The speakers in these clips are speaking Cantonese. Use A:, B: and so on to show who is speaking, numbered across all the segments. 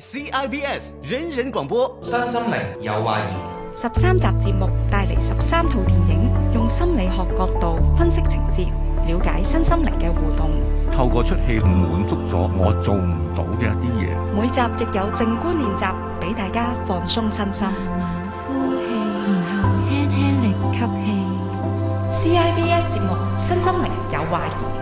A: CIBS 人人廣播，「新心靈有懷疑」十三集節目帶嚟十三套電影，
B: 用心理學角度分析情節，了解新心靈嘅互動。
A: 透過出
C: 戲滿足咗我做唔到嘅一啲嘢。
B: 每集亦有靜觀練習，俾大家放鬆身心。呼氣，然
D: 後輕輕吸氣。
A: CIBS 節 目，「新心靈有懷疑」。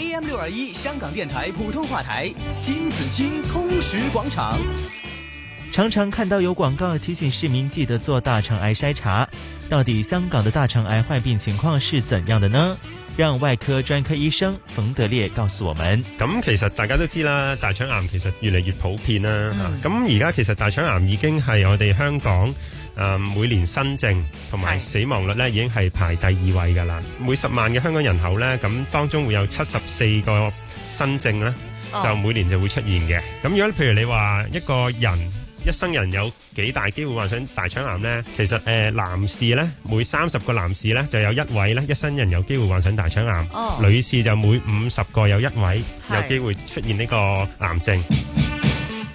A: AM 六二一，香港電台普通話台，新紫荊通識廣場。
C: 常常看到有廣告提醒市民記得做大腸癌篩查，到底香港的大腸癌患病情況是怎樣的呢？讓外科專科醫生馮德烈告訴我們。
D: 咁其實大家都知啦，大腸癌其實越嚟越普遍
C: 啦。咁而家其實大腸癌已經係我哋香港。誒、嗯，每年新症同埋死亡率咧，已經係排第二位噶啦。每十萬嘅香港人口咧，咁當中會有七十四個新症咧，oh. 就每年就會出現嘅。咁如果譬如你話一個人，一生人有幾大機會患上大腸癌呢？其實誒、呃，男士咧，每三十個男士咧就有一位咧，一生人有機會患上大腸癌。Oh. 女士就每五十個有一位有機會出現呢個癌症。Oh.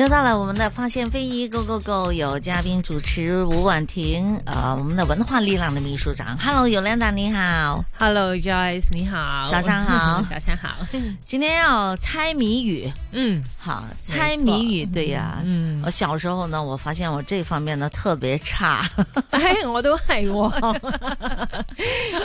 E: 又到了我們的發現非遺 Go Go Go，有嘉賓主持伍婉婷，呃，我們的文化力量的秘書長。Hello，Yolanda 你好，Hello Joyce 你好，早上好，早上好。今天要猜謎語，嗯，好，猜謎語，錯對呀，嗯，我小時候呢，我發現我這方面呢特別差，
F: 哎、 欸，我都係、哦，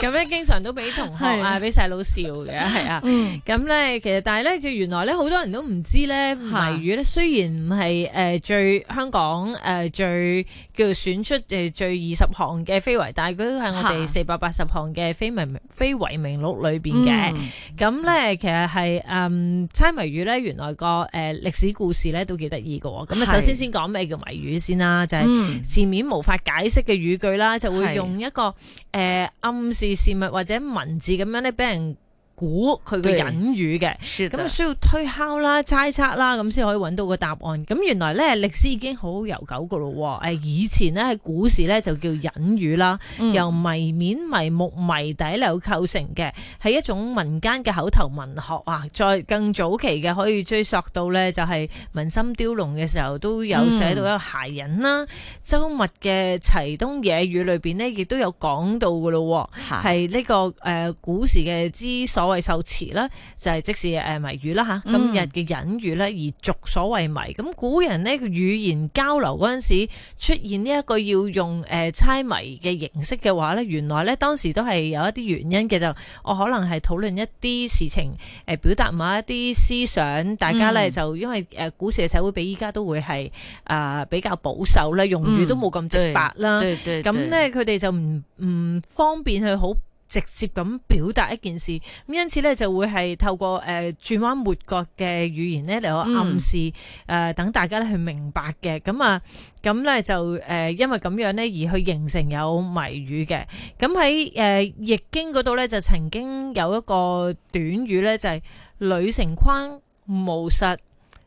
F: 咁 樣經常都俾同學是啊，俾細佬笑嘅，係啊，咁咧、嗯，嗯、其實但係咧，就原來咧，好多人都唔知咧謎語咧，雖然。唔係誒，最香港誒、呃、最叫做選出誒最二十項嘅非遺，但係佢都係我哋四百八十項嘅非遺名錄哈裏邊嘅。咁咧、嗯，其實係誒、嗯、猜謎語咧，原來個誒歷史故事咧都幾得意㗎。咁啊，首先先講咩叫謎語先啦，嗯、就係字面無法解釋嘅語句啦，就會用一個誒是、呃、暗示事物或者文字咁樣咧，俾人估佢嘅隱語嘅，咁需要推敲啦、猜測啦，咁先可以揾到個答案。咁原來咧歷史已經好悠久噶咯喎。以前咧喺古時咧就叫隱語啦，嗯、由謎面、謎目、謎底嚟構成嘅，係一種民間嘅口頭文學啊。再更早期嘅可以追溯到咧，就係《文心雕龍》嘅時候都有寫到一個諧隱啦，嗯、周密嘅《齊東野語》裏面呢，亦都有講到噶咯喎，係呢個誒古時嘅之所。所謂受詞啦，就係、是、即使誒謎語啦吓，今日嘅隱語咧而俗所謂謎。咁、嗯、古人呢，語言交流嗰陣時出現呢一個要用誒猜謎嘅形式嘅話咧，原來咧當時都係有一啲原因嘅。就我可能係討論一啲事情，誒表達某一啲思想，大家咧就因為誒古時嘅社會比依家都會係啊比較保守啦，用語都冇咁直白啦。咁咧佢哋就唔唔方便去好。直接咁表達一件事，咁因此咧就會係透過誒、呃、轉彎抹角嘅語言咧嚟到暗示，誒、嗯呃、等大家去明白嘅，咁啊，咁咧就誒、呃、因為咁樣咧而去形成有謎語嘅，咁喺誒易經嗰度咧就曾經有一個短語咧就係、是、女成框無實女承筐無實，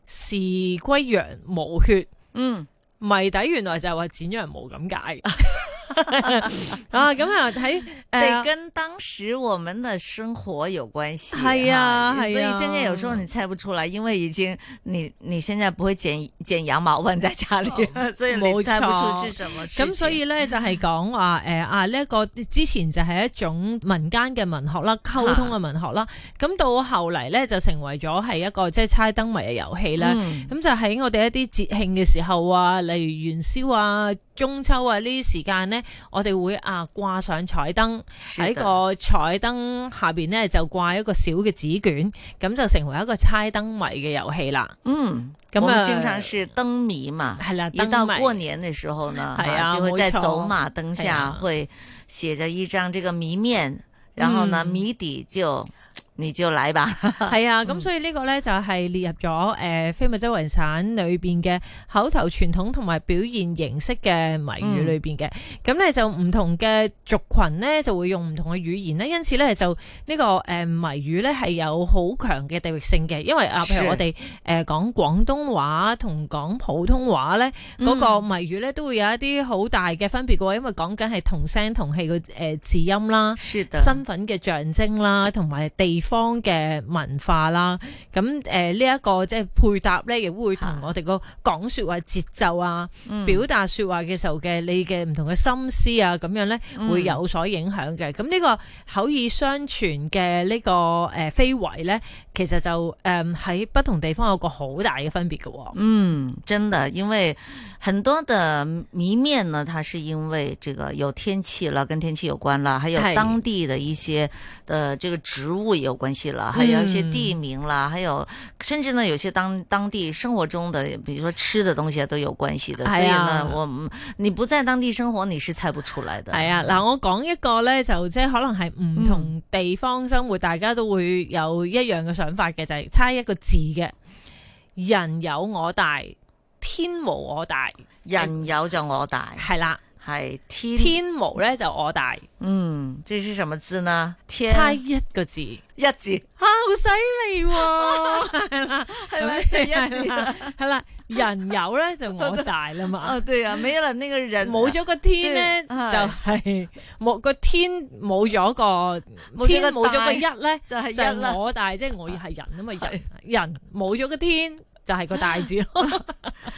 F: 士刲羊無血，嗯。謎底原來就係話剪咗人毛咁解
E: 啊！咁啊喺誒，跟當時我們的生活有關係，係 啊，啊所以現在有時候你猜不出來，因為已經你你現在不會剪剪羊毛啦，在家裏， 哦、所以冇錯。咁 所以咧
F: 就係講話誒啊呢一、啊這個之前就係一種民間嘅文學啦，溝通嘅文學啦。咁、啊、到後嚟咧就成為咗係一個即係猜燈謎嘅遊戲啦。咁、嗯、就喺、是、我哋一啲節慶嘅時候啊。例如元宵啊、中秋啊呢啲時間呢，我哋會啊掛上彩燈，喺的個彩燈下邊呢，就掛一個小嘅紙卷，咁就成為一個猜燈謎嘅遊戲啦。
E: 嗯，咁啊樣，經常是燈謎嘛，係啦、嗯。一到過年嘅時候呢，係的啊，就會在走馬燈下會寫着一張這個謎面，的然後呢謎、嗯、底就。你就嚟吧， 係啊，咁所以個呢個咧就係、是、
F: 列入咗誒、呃、非物質遺產裏邊嘅口頭傳統同埋表現形式嘅謎語裏邊嘅，咁咧、嗯、就唔同嘅族群咧就會用唔同嘅語言咧，因此咧就呢、這個誒謎、呃、語咧係有好強嘅地域性嘅，因為啊譬如我哋誒講廣東話同講普通話咧嗰個謎語咧都會有一啲好大嘅分別嘅喎，因為講緊係同聲同氣嘅誒字音啦，是的身份嘅象徵啦，同埋地。地方嘅文化啦，咁誒呢一個即係配搭咧，亦會同我哋個講說話節奏啊，啊嗯、表達說話嘅時候嘅你嘅唔同嘅心思啊，咁樣咧會有所影響嘅。咁呢、嗯、個口耳相傳嘅、這個呃、呢個誒非遺咧，其實就誒喺、呃、不同地方有個好大嘅分別嘅、哦。嗯，
E: 真的，因為很多的謎面呢，它是因為這個有天氣啦，跟天氣有關啦，還有當地的一些誒這個植物有關。關係啦，還有一些地名啦，嗯、還有甚至呢，有些當當地生活中的，比如說吃的東西都有關係的。啊、所以呢，我你不在當地生活，你是猜不出來的。係啊，嗱，
F: 我講一個呢，就即係可能係唔同地方生活，大家都會有一樣嘅想法嘅，嗯、就係猜一個字嘅。人有我大，天無我大，人有就我大，係、嗯、啦。係
E: 天無咧就我大，嗯，即
F: 係
E: 這是什麼字呢？猜一個字，一字吓，好犀利喎！係啦，係啦，一
F: 係啦。人有咧就我大啦嘛，哦，對啊，咪啦，呢個人冇咗個天咧，就係冇個天，冇咗個天，冇咗個一咧就係人。我大，即係我要係人啊嘛，人
E: 人冇咗個天。就係個大字咯，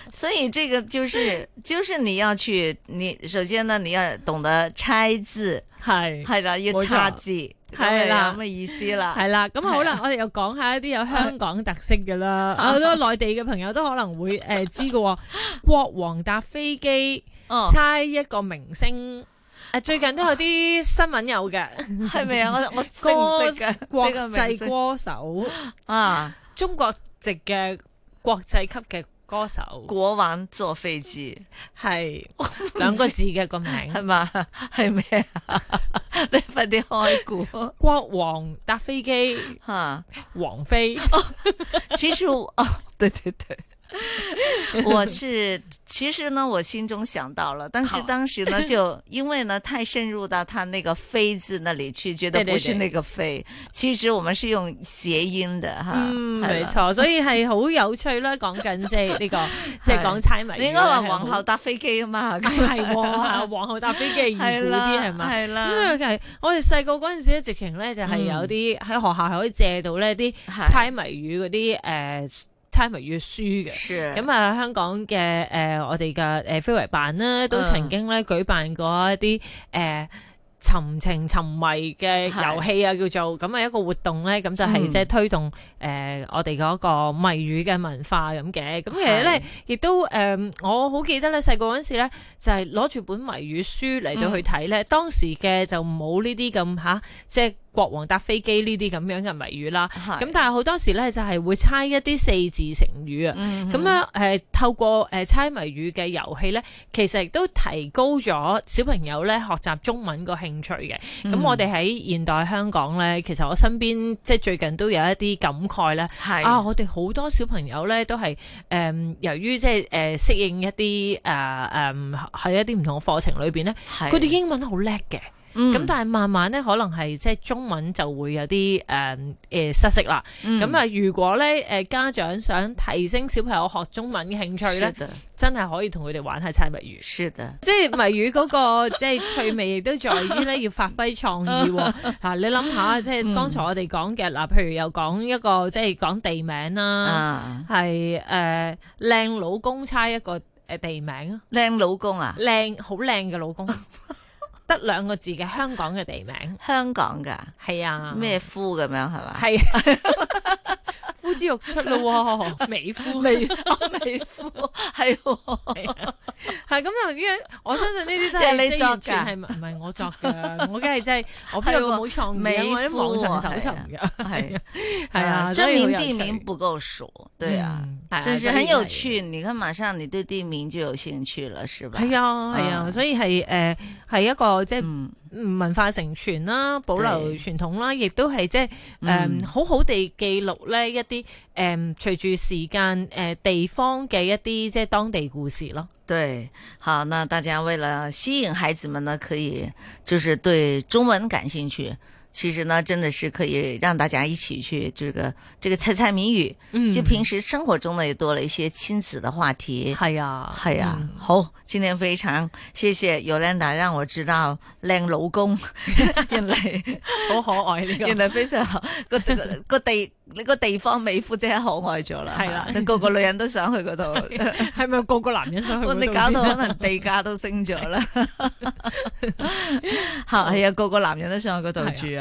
E: 所以這個就是，就是你要去，你首先呢，你要懂得猜字，係係啦，要猜字，係啦，咁嘅意思啦，係啦，咁好啦，我
F: 哋又講下一啲有香港特色嘅啦，好多內地嘅朋友都可能會誒知喎。國王搭飛機，猜一個明星，誒最近都有啲新聞有嘅，係咪啊？我我歌嘅國際歌手啊，中國籍嘅。國際級嘅歌手，國王坐飛機係兩個字嘅，個名係
E: 嘛？係咩
F: 啊？ 你快啲開估，國王搭飛
E: 機吓，哈王妃， 此處少， 哦，對對對。我是其實呢，我心中想到了，但是當時呢，就因為呢太深入到他那個“飛”字那裏去，覺得不是那個“飛”。其實我們是用諧音的哈，嗯，沒錯，所以係好有趣啦。講緊即
F: 係呢個，即係講猜謎語，應該話皇后搭飛機啊嘛，係皇后搭飛機遠古啲係嘛，係啦。因為我哋細個嗰陣時直情呢就係有啲喺學校可以借到呢啲猜謎語嗰啲誒。猜謎語書嘅，咁啊 Sure. 香港嘅誒、呃、我哋嘅誒非遺辦啦、啊，都曾經咧舉辦過一啲誒尋情尋謎嘅遊戲啊，是叫做咁啊一個活動咧，咁就係即係推動誒、嗯呃、我哋嗰個謎語嘅文化咁嘅。咁其實咧亦是都誒、呃、我好記得咧細個嗰陣時咧就係攞住本謎語書嚟到去睇咧，嗯、當時嘅就冇呢啲咁吓即係。啊就是國王搭飛機呢啲咁樣嘅謎語啦，咁是但係好多時咧就係會猜一啲四字成語啊，咁、嗯、哼樣誒透過誒猜謎語嘅遊戲咧，其實亦都提高咗小朋友咧學習中文個興趣嘅。咁、嗯、我哋喺現代香港咧，其實我身邊即係最近都有一啲感慨咧，係是啊，我哋好多小朋友咧都係誒、嗯、由於即係誒適應一啲誒誒喺一啲唔同課程裏邊咧，佢哋是英文好叻嘅。咁、嗯、但係慢慢咧，可能係即係中文就會有啲誒誒失色啦。咁啊、嗯，如果咧誒家長想提升小朋友學中文嘅興趣咧，真係可以同佢哋玩下猜謎語。是的，即係謎語嗰、那個 即係趣味，亦都在於咧要發揮創意、哦。吓、 啊，你諗下，即係剛才我哋講嘅嗱，嗯、譬如又講一個即係講地名啦，係誒靚老公猜一個誒地名啊，
E: 靚、啊呃、老,老公啊，
F: 靚好靚嘅老公。 得兩個字嘅香港嘅地名，香港噶，係啊，咩
E: 夫咁樣係嘛？係
F: 啊。是 呼之欲出咯，美夫，美夫，係，係咁就呢？我相信呢啲都係你作嘅，係
E: 唔係我作噶？我梗係真係，我邊個冇創意啊？我啲網上搜尋噶，係啊，係啊，將地名不夠數，對啊，就是很有趣。你看，馬上你對地名就有興趣了，是吧？係啊，係啊，所
F: 以係誒，係一個即係。文化承傳啦，保留傳統啦，亦都係即係誒，好好地記錄咧一啲誒、呃、隨住時間誒、呃、地方
E: 嘅一啲即係當地故事咯。對，好，那大家為了吸引孩子們呢，可以就是對中文感興趣。其實呢，真的是可以讓大家一起去這個這個猜猜謎語。嗯，就平時生活中呢，也多了一些親子的話題。係啊，係啊。嗯、好，今天非常謝謝 Yolanda，讓我知道靚老公， 原來 好可愛。這個原來，非常好個個,個,個地，那個地方美膚姐可愛咗啦。係啦、 啊，等個個女人都想去嗰度。係咪個個男人想去那？哇， 你搞到可能地價都升咗啦。哈， 係啊，個個男人都想去嗰度住啊。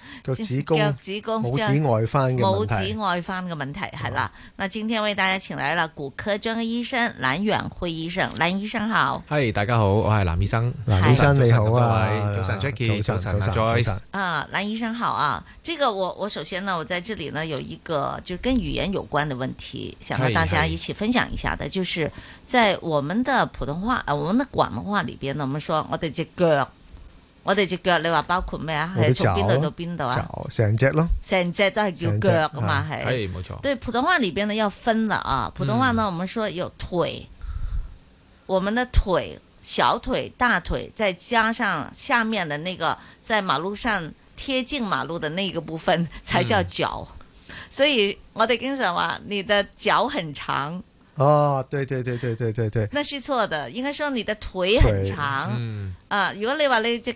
E: 腳趾公，拇指外翻嘅問題，拇指外翻嘅問題係啦。那今天為大家請來了骨科專科醫生藍遠輝醫生，藍醫生好。
G: 係，大家好，我係藍醫生。藍醫生你好啊，早晨 Jackie，早晨 Joyce。
E: 啊，藍醫生好啊。這個我我首先呢，我在這裏呢有一個就跟語言有關的問題，想和大家一起分享一下的，就是在我們的普通話，啊我們的廣東話裏邊呢，我們說我哋隻腳。我哋隻腳，你話包括咩啊？係從邊度到邊度啊？腳，
H: 成隻咯，
E: 成隻都係叫腳噶嘛，係。係冇錯。對普通話裏邊呢要分啦啊，對錯普通話呢，我們說有腿，嗯、我們的腿、小腿、大腿，再加上下面的那個，在馬路上貼近馬路的那個部分，才叫腳。嗯、所以我哋經常話，你的腳很長。
H: 哦、啊，對對對對對對對，
E: 那是錯的，應該說你的腿很長。嗯腿。啊，如果你話咧，隻。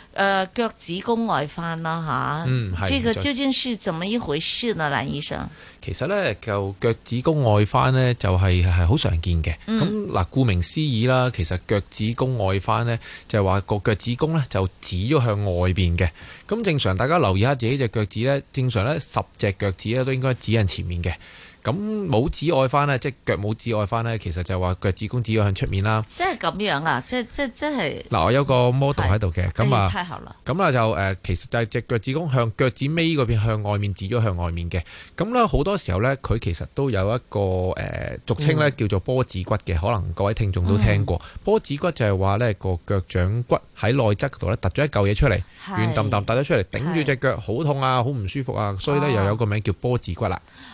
E: 誒，腳、呃、趾公外翻啦吓，嗯，係，這個究竟是怎麼一回事呢？藍醫生，
G: 其實咧就腳趾公外翻咧就係係好常見嘅，咁嗱、嗯，顧名思義啦，其實腳趾公外翻咧就係話個腳趾公咧就指咗向外邊嘅，咁正常大家留意一下自己的腳呢隻腳趾咧，正常咧十隻腳趾咧都應該指向前面嘅。咁拇趾外翻呢，即係腳拇趾外翻呢，其實就係話腳趾公指咗向出面啦。
E: 即係咁樣啊？即即即係
G: 嗱，我有個 model 喺度嘅，咁啊是，咁啊就誒，其實就係隻腳趾公向腳趾尾嗰邊向外面指咗向外面嘅。咁呢，好多時候呢，佢其實都有一個誒俗稱呢，叫做波子骨嘅，嗯、可能各位聽眾都聽過、嗯、波子骨就係話呢個腳掌骨喺內側度呢，是軟軟軟突咗一嚿嘢出嚟，圓揼揼，突咗出嚟，頂住隻腳好痛啊，好唔舒服啊，所以呢，又有個名叫波子骨啦。啊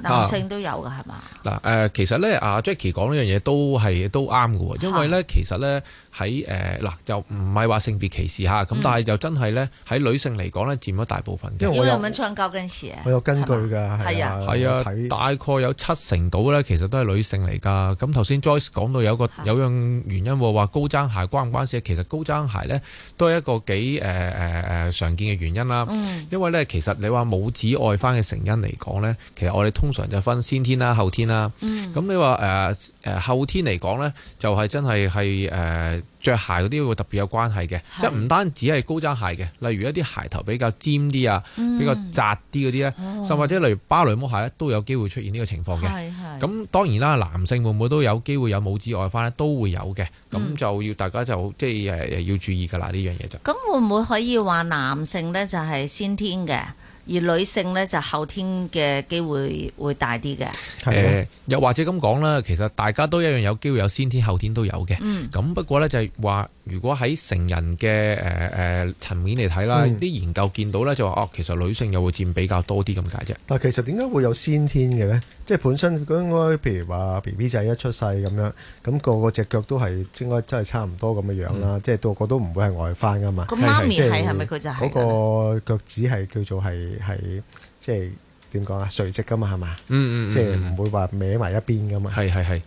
G: 男
E: 性
G: 都有㗎，係嘛？嗱，誒，其實咧，阿、啊、Jackie 講呢樣嘢都係都啱嘅，因為咧，其實咧喺誒嗱，就唔係話性別歧視吓，咁、嗯、但係就真係咧喺女性嚟講咧，佔咗大部分嘅。因為點解
E: 穿高跟鞋？
G: 我有根據㗎，係吧吧啊，係啊，大概有七成度咧，其實都係女性嚟噶。咁頭先 Joyce 講到有個、啊、有樣原因話高踭鞋關唔關事？其實高踭鞋咧都係一個幾誒誒誒常見嘅原因啦。因為咧，其實你話拇趾外翻嘅成因嚟講咧，其實我哋通。通常就分先天啦、後天啦。咁、嗯嗯、你話誒誒後天嚟講呢，就係、是、真係係誒著鞋嗰啲會特別有關係嘅，是即係唔單止係高踭鞋嘅，例如一啲鞋頭比較尖啲啊，嗯、比較窄啲嗰啲呢，嗯、甚至乎例如芭蕾舞鞋咧，都有機會出現呢個情況嘅。咁是當然啦，男性會唔會都有機會有拇趾外翻呢？都會有嘅。咁就要、嗯、大家就即係、呃、要注意噶啦呢樣嘢就。
E: 咁會唔會可以話男性呢？就係先天嘅？而女性咧就後天嘅機會會大啲嘅
G: 的、呃。又或者咁講啦，其實大家都一樣有機會有先天後天都有嘅。咁、嗯、不過咧就係、是、話，如果喺成人嘅誒、呃呃、層面嚟睇啦，啲、嗯、研究見到咧就話哦，其實女性又會佔比較多啲咁解啫。
H: 但係其實點解會有先天嘅咧？即係本身應該譬如話 B B 仔一出世咁樣，咁、那個個隻腳都係應該真係差唔多咁嘅樣啦。即係個個都唔會係外翻噶嘛。咁媽咪係係咪佢就係？嗰個腳趾係的叫做係。
G: 係即係點講啊？垂直噶嘛，係嘛？嗯嗯，即係唔會話歪埋一邊噶嘛？係係係。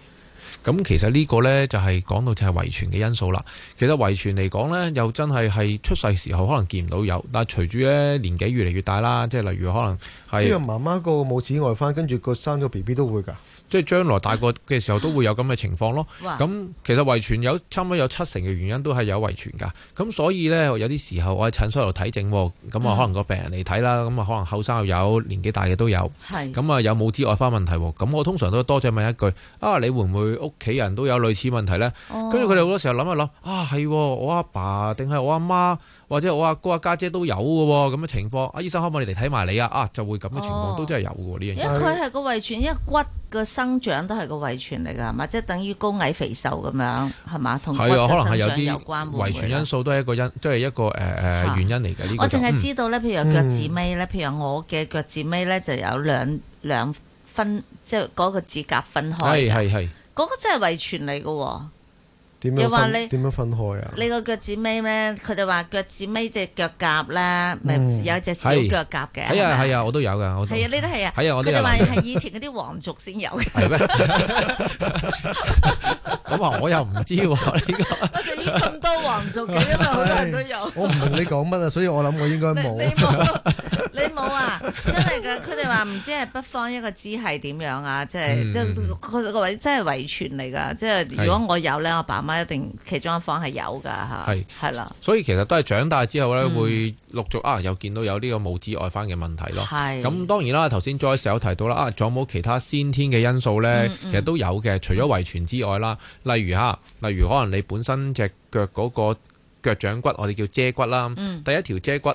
G: 咁其實呢個呢，就係、是、講到就係遺傳嘅因素啦。其實遺傳嚟講呢，又真係係出世時候可能見唔到有，但係隨住呢年紀越嚟越大啦，即係例如可能係。即係媽
H: 媽個冇拇趾外翻，跟住個生咗 B B 都會噶。
G: 即係將來大個嘅時候都會有咁嘅情況咯。咁嘩其實遺傳有差唔多有七成嘅原因都係有遺傳㗎。咁所以呢，有啲時候我喺診所度睇症，咁啊可能個病人嚟睇啦，咁啊可能後生又有，年紀大嘅都有。咁啊是有冇之外翻問題？咁我通常都多謝問一句：啊，你會唔會屋企人都有類似問題呢？哦。跟住佢哋好多時候諗一諗啊，係我阿爸定係我阿媽。或者我阿哥阿家姐都有嘅咁嘅情況，阿醫生可唔可以嚟睇埋你啊？啊，就會咁嘅情況都真係有嘅呢樣嘢，佢係
E: 個遺傳，因為骨嘅生長都係個遺傳嚟㗎嘛，即係等於高矮肥瘦咁樣係嘛，同骨質生長有關。遺傳因素
G: 都係一個因，都係一個誒誒原因嚟嘅。我淨係知道咧，譬如腳趾
E: 尾咧，譬如我嘅腳趾尾咧就有兩兩分，即係嗰個趾甲分開。係係係。嗰個真係遺傳嚟嘅。
H: 又話你點樣分開啊？
E: 你個腳趾尾咧，佢哋話腳趾尾隻腳甲咧，咪、嗯、有一隻小腳甲嘅。係啊係啊，
G: 啊，我都有噶。係啊，呢都係啊。係啊，我。佢哋話係以
E: 前嗰啲皇族先有嘅。 係咩
G: 咁 啊， 我又唔知喎呢個。我咁多
H: 橫族
E: 嘅，好多人都有。我唔
H: 明你講乜啊，所以我諗我應該冇。
I: 你
E: 冇，你冇啊！真係噶，佢哋話唔知係北方一個支係點樣啊，即係、嗯、即個位真係遺傳嚟㗎。即係是如果我有咧，我爸媽一定其中一方係有㗎嚇，係係啦。
G: 所以其實都係長大之後咧，會陸續啊、嗯、啊又見到有呢個拇趾外翻嘅問題咯。係是。咁當然啦，頭先再有提到啦，啊仲有冇其他先天嘅因素咧？嗯嗯其實都有嘅，除咗遺傳之外啦。例如吓，例如可能你本身隻腳嗰個腳掌骨，我哋叫遮骨啦。嗯、第一條遮骨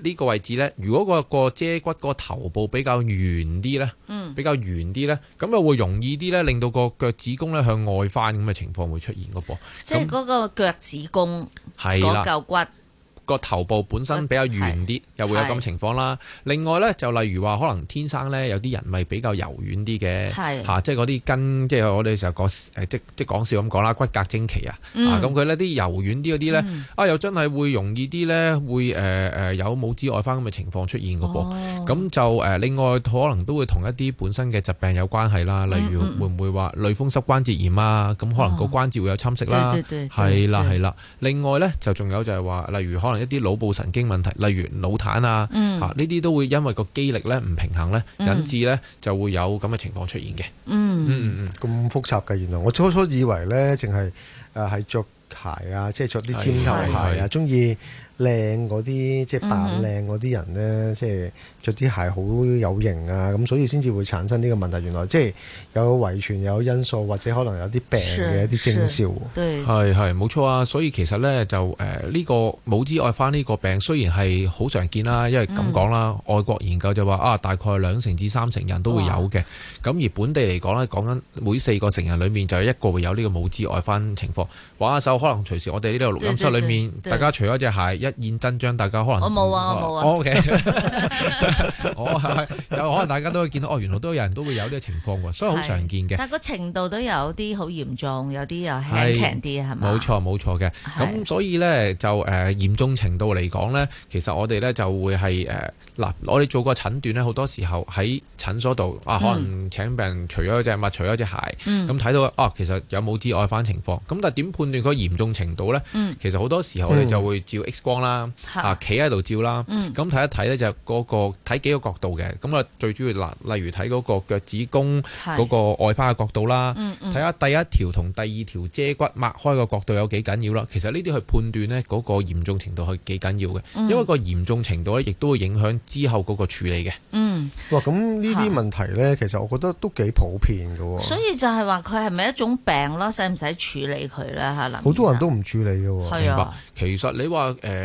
G: 呢個位置咧，如果個遮骨個頭部比較圓啲咧，嗯、比較圓啲咧，咁又會容易啲咧，令到個腳趾公咧向外翻咁嘅情況會出現㗎噃。即
E: 係嗰個腳趾公
G: 嗰嚿骨。個頭部本身比較圓啲，嗯、又會有咁情況啦。是另外咧，就例如話，可能天生咧有啲人咪比較柔軟啲嘅，嚇是、啊，即係嗰啲筋，即係我哋成日講，即即講笑咁講啦。骨骼精奇，嗯、啊，咁佢呢啲柔軟啲嗰啲咧，嗯、啊，又真係會容易啲咧，會誒誒、呃、有冇之外翻咁嘅情況出現㗎噃。咁、哦、就誒、呃，另外可能都會同一啲本身嘅疾病有關係啦。例如會唔會話類風濕關節炎啊？咁、嗯、可能個關節會有侵蝕啦。係啦係啦。另外咧就仲有就係話，例如可能。一啲腦部神經問題，例如腦癱啊，吓，呢啲都會因為個肌力咧唔平衡咧，嗯、引致咧就會有咁嘅情況出現嘅。嗯
H: 嗯，咁複雜嘅原來，我初初以為咧淨係誒係着鞋啊，即係着啲尖頭鞋啊，中意。靚嗰啲即係扮靚嗰啲人呢，即係着啲鞋好有型啊！咁所以先至會產生呢個問題。原來即係有遺傳有因素，或者可能有啲病嘅一啲徵
G: 兆。係係冇錯啊！所以其實呢，就、呃、呢、呢個拇趾外翻呢個病雖然係好常見啦，因為咁講啦，嗯、外國研究就話啊，大概兩成至三成人都會有嘅。咁哇而本地嚟講呢，講緊每四個成人裏面就有一個會有呢個拇趾外翻情況。話下手可能隨時我哋呢度錄音室裏面，對對對大家除咗隻鞋。一現真章，大家可能我冇啊，我冇啊。O K，我係可能大家都會見到，哦，原來都有人都會有呢個情況喎，所以好常見嘅。但
E: 個程度都有啲好嚴重，有啲又係輕啲，係咪？冇
G: 錯，冇錯嘅。咁所以咧就、呃、嚴重程度嚟講咧，其實我哋咧就會係嗱、呃，我哋做個診斷咧，好多時候喺診所度啊，可能請病人除咗隻襪，除咗、嗯、隻鞋，咁睇到啊，其實有冇趾外翻情況？咁但係點判斷佢嚴重程度咧？嗯、其實好多時候我哋就會照 X 啦，啊，企喺度照啦，咁睇一睇咧就嗰、係嗰個睇幾個角度嘅，咁啊最主要例例如睇嗰個腳趾公嗰個外翻嘅角度啦，睇下、嗯嗯、第一條同第二條遮骨擘開嘅角度有幾緊要啦。其實呢啲去判斷咧嗰個嚴重程度係幾緊要嘅，嗯、因為個嚴重程度咧亦都會影響之後嗰個處理嘅。嗯，哇，咁呢啲問題咧，其實我覺得都幾普遍噶。所以
E: 就係話佢係咪一種病咯，使唔使處理佢咧？吓，好
H: 多人都唔處理
E: 嘅。係啊
G: 的，其實你話誒。呃誒，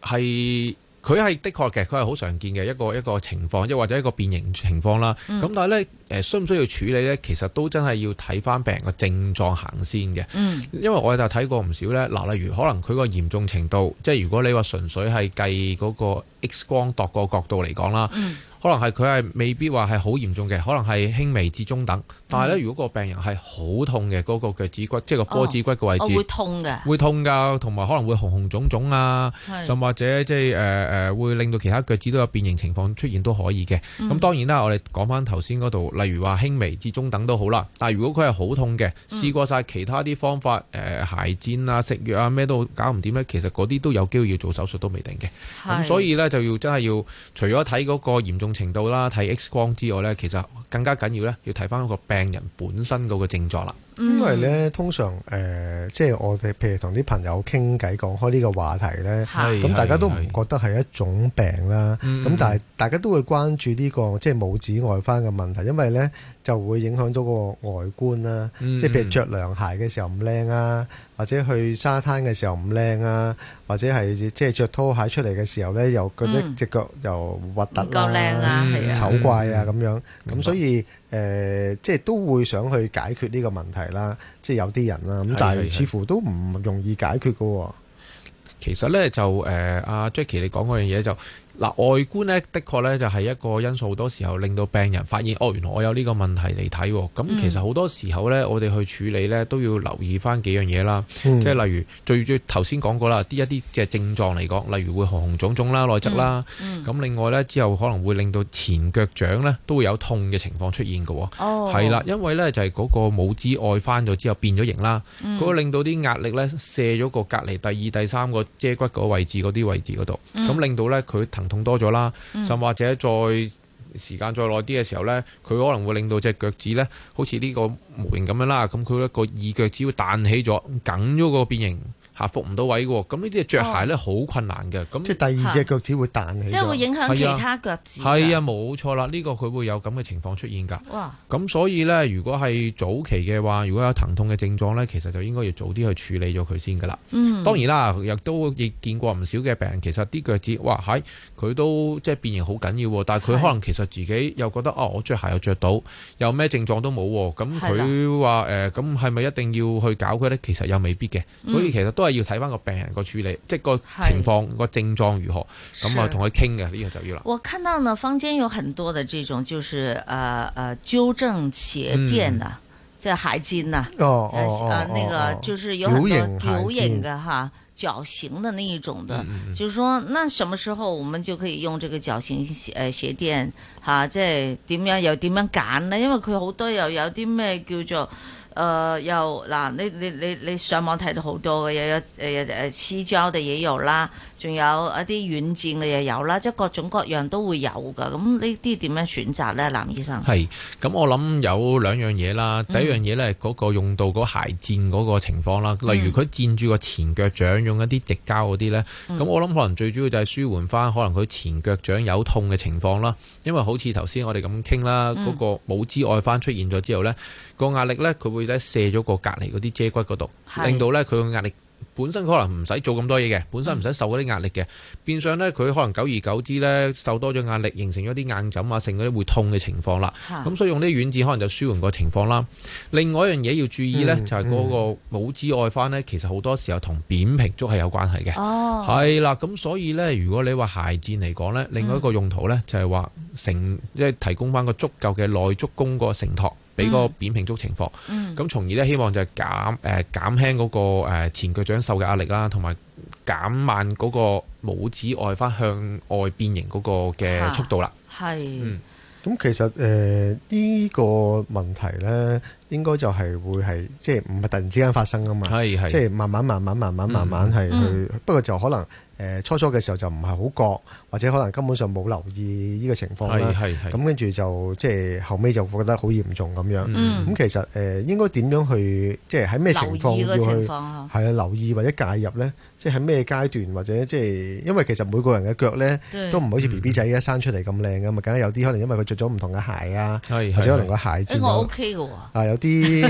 G: 係佢係的確嘅，佢係好常見嘅一個一個情況，又或者一個變形情況啦。咁、嗯、但係咧，誒、呃，需唔需要處理咧？其實都真係要睇翻病人嘅症狀行先嘅。嗯，因為我就睇過唔少咧。嗱，例如可能佢個嚴重程度，即係如果你話純粹係計嗰個 X 光度個角度嚟講啦。嗯可能係佢係未必話係好嚴重嘅，可能係輕微至中等。但係咧，如果個病人係好痛嘅，嗰、個腳趾骨即係個波子骨嘅位置，哦、會痛嘅，會痛噶，同埋可能會紅紅腫腫啊，甚是或者即係誒誒，會令到其他腳趾都有變形情況出現都可以嘅。咁、嗯、當然啦，我哋講翻頭先嗰度，例如話輕微至中等都好啦。但係如果佢係好痛嘅，試、嗯、過晒其他啲方法，誒、呃、鞋墊啊、食藥啊咩都搞唔掂咧，其實嗰啲都有機會要做手術都未定嘅。咁是、嗯、所以咧就要真係要除咗睇嗰個嚴重。程度啦，睇 X 光之外咧，其實更加緊要咧，要睇翻個病人本身嗰個症狀啦。因為咧，
H: 通常誒，即、呃、係我哋譬如同啲朋友傾偈，講開呢個話題咧，咁是大家都唔覺得係一種病啦。咁但係大家都會關注呢、呢個即係拇指外翻嘅問題，因為咧就會影響到個外觀啦。即係譬如着涼鞋嘅時候唔靚啊，或者去沙灘嘅時候唔靚啊，或者係即係着拖鞋出嚟嘅時候咧，又覺得隻、嗯、腳又核突，唔夠靚啊，係啊，醜怪啊咁、嗯、樣。咁、嗯、所以。誒、呃，即係都會想去解決呢個問題啦，即係有啲人啦，咁但係似乎都唔容易解決
G: 嘅。是是是，其實呢，就誒阿、呃啊、Jackie 你講嗰樣嘢就。嗱，外觀呢，的確呢，就係一個因素，好多時候令到病人發現，哦，原來我有呢個問題嚟睇。咁其實好多時候呢，我哋去處理呢，都要留意翻幾樣嘢啦。即係、嗯、例如，最最頭先講過啦，啲一啲即係症狀嚟講，例如會紅紅腫腫啦、內側啦。咁、嗯嗯、另外呢，之後可能會令到前腳掌呢，都會有痛嘅情況出現嘅。哦，係啦，因為呢，就係嗰個拇指外翻咗之後變咗形啦，嗰個、嗯、令到啲壓力呢，射咗個隔離第二、第三個遮骨嗰位置嗰啲位置嗰度，咁、嗯、令到呢，佢痛多咗啦，甚或者再時間再耐啲嘅時候咧，佢可能會令到隻腳趾咧，好似呢個模型咁樣啦。咁佢一個二腳趾會彈起咗，梗咗個變形。下伏唔到位嘅，咁呢啲着鞋咧好困難嘅。咁哇那即係第二隻腳趾會彈起，即係會影響
E: 其他腳趾。係
G: 啊，冇、啊、錯啦，呢、這個佢會有咁嘅情況出現㗎。哇！咁所以咧，如果係早期嘅話，如果有疼痛嘅症狀咧，其實就應該要早啲去處理咗佢先㗎啦。嗯。當然啦，亦都亦見過唔少嘅病人，其實啲腳趾哇係佢都即係變形好緊要，但係佢可能其實自己又覺得的哦，我着鞋又着到，又咩症狀都冇，咁佢話誒，咁係咪一定要去搞佢咧？其實又未必嘅。嗯、所以其實都係。要睇翻個病人個處理，即係個情況個是症狀如何，咁啊同佢傾嘅呢樣是個就要啦。我
E: 看到呢坊間有很多嘅，這種，就是呃呃，矯正鞋墊啊，即係、嗯、海筋啊，哦啊，哦啊那個就是有很多腳型嘅，哈，腳型，形、啊、形的那一種的，嗯、就是說，那什麼時候我們就可以用這個腳型鞋鞋墊，即係點樣有點樣揀呢？因為佢好多又有啲咩叫做。誒又嗱，你你你你上網睇到好多嘅，又有誒誒誒 C 交嘅嘢有啦。仲有一啲軟墊嘅嘢有啦，即係各種各樣都會有噶。咁呢啲點樣選擇呢？藍醫生？係
G: 咁，咁我諗有兩樣嘢啦。嗯、第一樣嘢呢，係嗰個用到嗰鞋墊嗰個情況啦。例如佢墊住個前腳掌，用一啲直膠嗰啲呢。咁、嗯、我諗可能最主要就係舒緩翻可能佢前腳掌有痛嘅情況啦。因為好似頭先我哋咁傾啦，嗰、嗯、個拇趾外翻出現咗之後呢，個壓力呢，佢會咧射咗過隔離嗰啲遮骨嗰度，是令到呢佢個壓力。本身可能唔使做咁多嘢嘅，本身唔使受嗰啲壓力嘅，嗯、變相呢，佢可能久而久之呢，受多咗壓力，形成咗啲硬枕啊，成嗰啲會痛嘅情況啦。咁、嗯嗯、所以用啲軟枕可能就舒緩個情況啦。另外一樣嘢要注意呢，就係、是、嗰個拇指外翻呢，其實好多時候同扁平足係有關係嘅。哦，係啦，咁所以呢，如果你話鞋墊嚟講呢，另外一個用途呢，嗯、就係話成即係提供翻個足夠嘅內足弓個承托。俾個扁平足情況，咁、嗯嗯、從而咧希望就係減誒、呃、減輕嗰個前腳掌受嘅壓力啦，同埋減慢嗰個拇指外翻向外變形嗰個嘅速度啦。
E: 係、
H: 啊，咁、嗯、其實呢、呃呢個問題咧，應該就係會係即係唔係突然之間發生噶嘛？係係，即係慢慢慢慢慢慢慢慢係、嗯、去，嗯、不過就可能。初初嘅時候就唔係好覺，或者可能根本上冇留意呢個情況啦。咁跟住就即係後屘就覺得好嚴重咁樣，咁其實誒應該點樣去即係喺咩情況要去？係啊，留意或者介入咧，即係喺咩階段或者即係因為其實每個人嘅腳咧都唔好似 B B 仔依家生出嚟咁靚嘅，咪梗係有啲可能因為佢着咗唔同嘅鞋啊，或者可能個鞋子。我 OK 嘅。有啲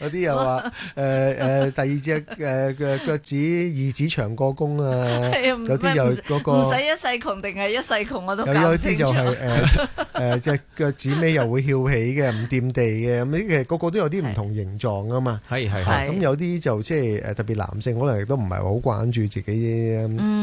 H: 有啲又話誒誒第二隻誒腳腳趾二趾長過。個公啊，有啲又嗰個唔使
E: 一世窮定係一世窮，我都搞唔清楚。有有啲就係誒
H: 誒，即係腳趾尾又會翹起嘅，唔掂地嘅。咁呢個個都有啲唔同形狀噶嘛。係係咁有啲就即係誒，特別男性可能亦都唔係好關注自己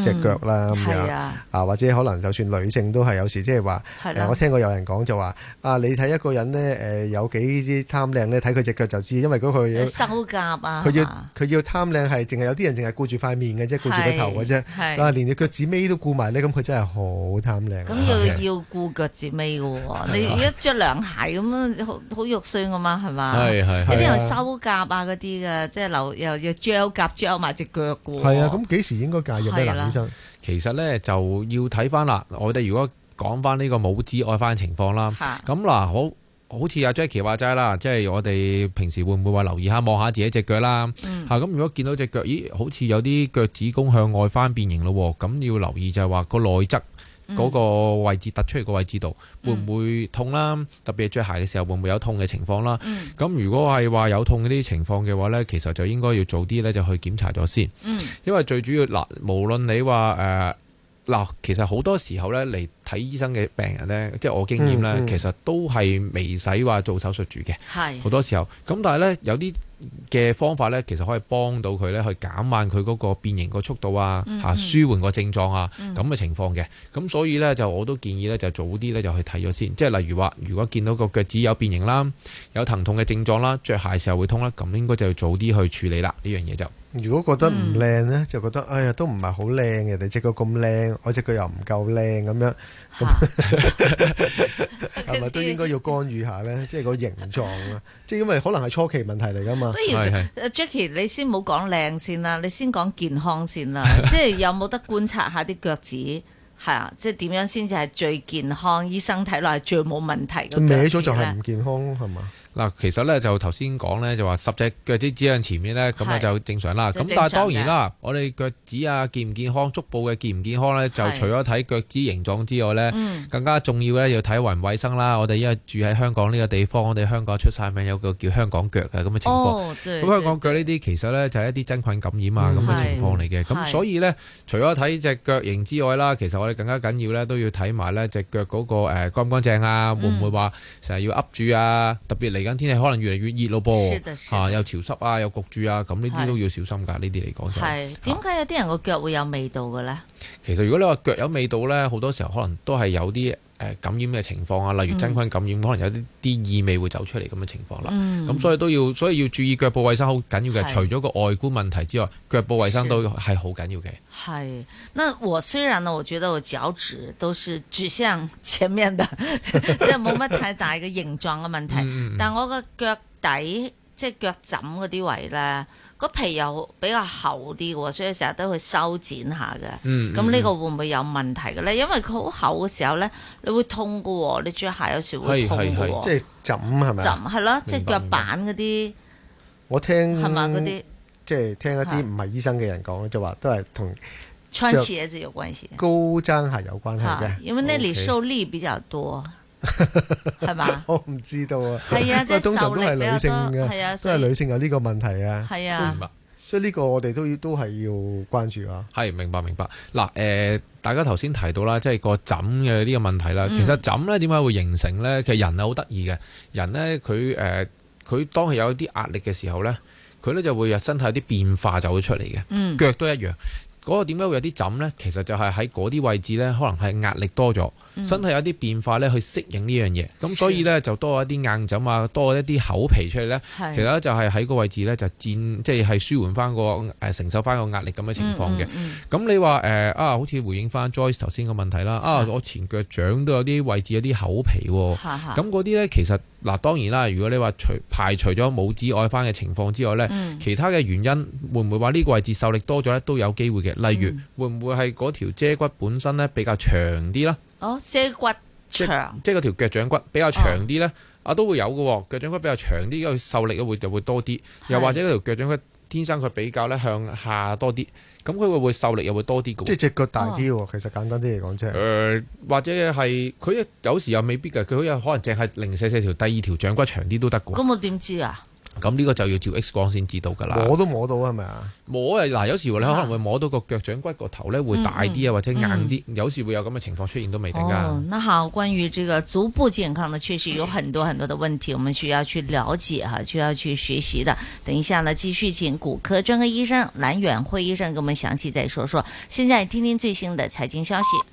H: 隻腳啦。係啊啊，或者可能就算女性都係有時即係話，我聽過有人講就話啊，你睇一個人咧誒，有幾啲貪靚咧，睇佢隻腳就知，因為嗰佢修
E: 甲啊，佢要
H: 佢要貪靚係，淨係有啲人淨係顧住塊面嘅啫。住個頭嘅啫，但係連隻腳趾尾都顧埋咧，咁佢真係好貪靚。咁、嗯嗯、要要
E: 顧腳趾尾嘅喎，啊、你一着涼鞋咁啊好好肉酸噶嘛，係嘛？係係係。有收甲啊嗰啲噶，即係留又又着夾着埋隻腳嘅。係啊，咁
G: 幾、啊、時應該介入咧？醫、啊、生，其實咧就要睇翻啦。我哋如果講翻呢個拇趾外翻嘅情況啦，咁嗱、啊、好。好好好似阿 Jacky 話齋啦，即係我哋平時會唔會話留意一下望下自己隻腳啦？吓咁、嗯、如果見到隻腳，咦，好似有啲腳趾公向外翻變形咯，咁要留意就係話個內側嗰個位置突、嗯、出嚟個位置度會唔會痛啦？嗯、特別係着鞋嘅時候會唔會有痛嘅情況啦？咁、嗯、如果係話有痛嗰啲情況嘅話呢，其實就應該要早啲呢，就去檢查咗先。因為最主要嗱，無論你話誒。呃嗱，其實好多時候咧嚟睇醫生嘅病人咧，即係我經驗咧，嗯嗯、其實都係未使話做手術住嘅。係好多時候，咁但係咧有啲嘅方法呢，其實可以幫到佢呢，去減慢佢嗰個變形個速度啊，吓、嗯啊、舒緩個症狀啊，咁嘅、嗯、情況嘅。咁所以呢，就我都建議呢，就早啲呢，就去睇咗先。即係例如話，如果見到個腳趾有變形啦，有疼痛嘅症狀啦，着鞋時候會痛啦，咁應該就要早啲去處理啦。呢樣嘢就
H: 如果覺得唔靚呢，就覺得哎呀都唔係好靚，嘅。你隻腳咁靚，我隻腳又唔夠靚咁樣，係咪、啊、 都應該要干預下呢？即、就、係、是、個形狀啊，即係 因為可能係初期問題嚟噶嘛。不如
E: Jackie，你先唔好講靚先啦，你先講健康先啦，即係有冇得觀察下啲腳趾係啊？ 即係點樣先至係最健康？醫生睇落係最冇問題嘅。歪咗就係唔
H: 健康，係嘛？
G: 嗱，其實咧就頭先講咧就話十隻腳趾指向前面咧，咁啊是就正常啦。咁但係當然啦，我哋腳趾啊健唔健康、足部嘅健唔健康咧，就除咗睇腳趾形狀之外咧，是更加重要咧，要睇云唔生衞唔衞生啦。嗯、我哋因家因為住喺香港呢個地方，我哋香港出晒名有個叫香港腳嘅咁嘅情況。咁、哦、香港腳呢啲其實咧就係、是、一啲真菌感染啊咁嘅、嗯、情況嚟嘅。咁是所以咧除咗睇隻腳型之外啦，其實我哋更加緊要咧都要睇埋咧隻腳嗰個乾唔乾淨啊，會唔會話成日要噏住啊，嗯、特別你。而家天氣可能越嚟越熱咯噃，吓又潮濕啊，又焗住啊，咁呢啲都要小心㗎。呢啲嚟講就係
E: 點解有啲人個腳會有味道嘅咧？
G: 其實如果你話腳有味道咧，好多時候可能都係有啲。感染嘅情況啊，例如真菌感染，可能有啲啲異味會走出嚟咁嘅情況啦。咁、嗯、所以都要，所以要注意腳部衛生好緊要嘅。是除咗個外觀問題之外，腳部衛生都係好緊要嘅。
E: 係，那我雖然呢，我覺得我腳趾都是指向前面的， 即係冇乜太大嘅形狀嘅問題。 但我個腳底，即係腳枕嗰啲位呢。個皮又比較厚啲嘅，所以成日都去修剪下嘅。咁呢個會唔會有問題嘅咧？因為佢好厚嘅時候咧，你會痛嘅喎。你着鞋有時會痛嘅喎。即係
H: 枕係咪？枕係咯，即係腳板嗰啲。我聽係嘛嗰啲，即係聽一啲唔係醫生嘅人講就話都係同
E: 穿鞋子有關係。
H: 高踭鞋有關係嘅，因為呢裡受
E: 力比較多。Okay.
H: 係嘛？ 是吧我唔知道啊。係啊，即、就、係、是、通常都係女性嘅，即係、啊、女性有呢、這個問題啊。係啊，明白，所以呢個我哋都要都係要關注啊。
G: 係，明白明白。嗱，誒，大家頭先提到啦，即係個枕嘅呢個問題啦。嗯、其實枕咧點解會形成咧？其實人係好得意嘅，人咧佢誒，佢當係有啲壓力嘅時候咧，佢咧就會有身體有啲變化就會出嚟嘅。嗯，腳都一樣。嗰個點解會有啲枕呢？其實就係喺嗰啲位置呢，可能係壓力多咗，嗯、身體有啲變化呢去適應呢樣嘢。咁的所以呢，就多咗一啲硬枕啊，多咗一啲口皮出嚟呢。的其實就係喺個位置呢，就漸即係舒緩翻個、呃、承受翻個壓力咁嘅情況嘅。咁、嗯嗯嗯、你話啊、呃，好似回應翻 Joyce 頭先個問題啦。啊，啊我前腳掌都有啲位置有啲口皮喎、啊。咁嗰啲呢，其實嗱當然啦。如果你話除排除咗拇指外翻嘅情況之外呢，嗯、其他嘅原因會唔會話呢個位置受力多咗呢？都有機會嘅。例如、嗯、會唔會係嗰條遮骨本身咧比較長啲啦？
E: 哦，遮骨
G: 長，即係嗰條腳掌骨比較長啲咧，啊、哦、都會有嘅。腳掌骨比較長啲，因為受力咧會就會多啲。的又或者嗰條腳掌骨天生佢比較咧向下多啲，咁佢會會受力又會多啲。即係隻腳骨
H: 大啲，哦、其實簡單啲嚟講啫。誒、呃，
G: 或者係佢有時又未必嘅，佢有可能淨係零舍舍條第二條掌骨長啲都得嘅。咁我點知啊？咁呢個就要照 X 光先知道噶啦。我都摸到係咪啊？摸啊，嗱，有時候你可能會摸到個腳掌骨個頭咧會大啲啊，嗯、或者硬啲，嗯、有時候會有咁嘅情況出現都未定噶。哦，
E: 那好，關於這個足部健康呢，確實有很多很多的問題，我們需要去了解哈，需要去學習的。等一下呢，繼續請骨科專科醫生藍遠輝醫生給我們詳細再說說。現在聽聽最新的財經消息。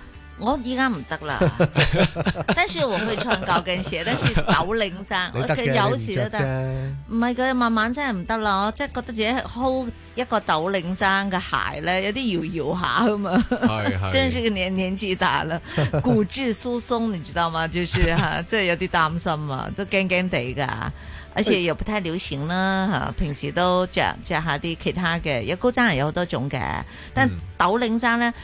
E: 我依家唔得啦， 但是我可以穿高跟鞋， 但是斗領衫有時都得，唔係佢慢慢真係唔得啦，我真係覺得自己 hold 一個斗領衫嘅鞋咧，有啲搖搖下啊嘛，真係個年紀大啦，骨質疏鬆你知道嗎？即係有啲擔心啊，心嘛都驚驚地噶， 而且又不太流行啦，平時都着着下啲其他嘅，有高踭鞋有好多種嘅，但斗領衫咧。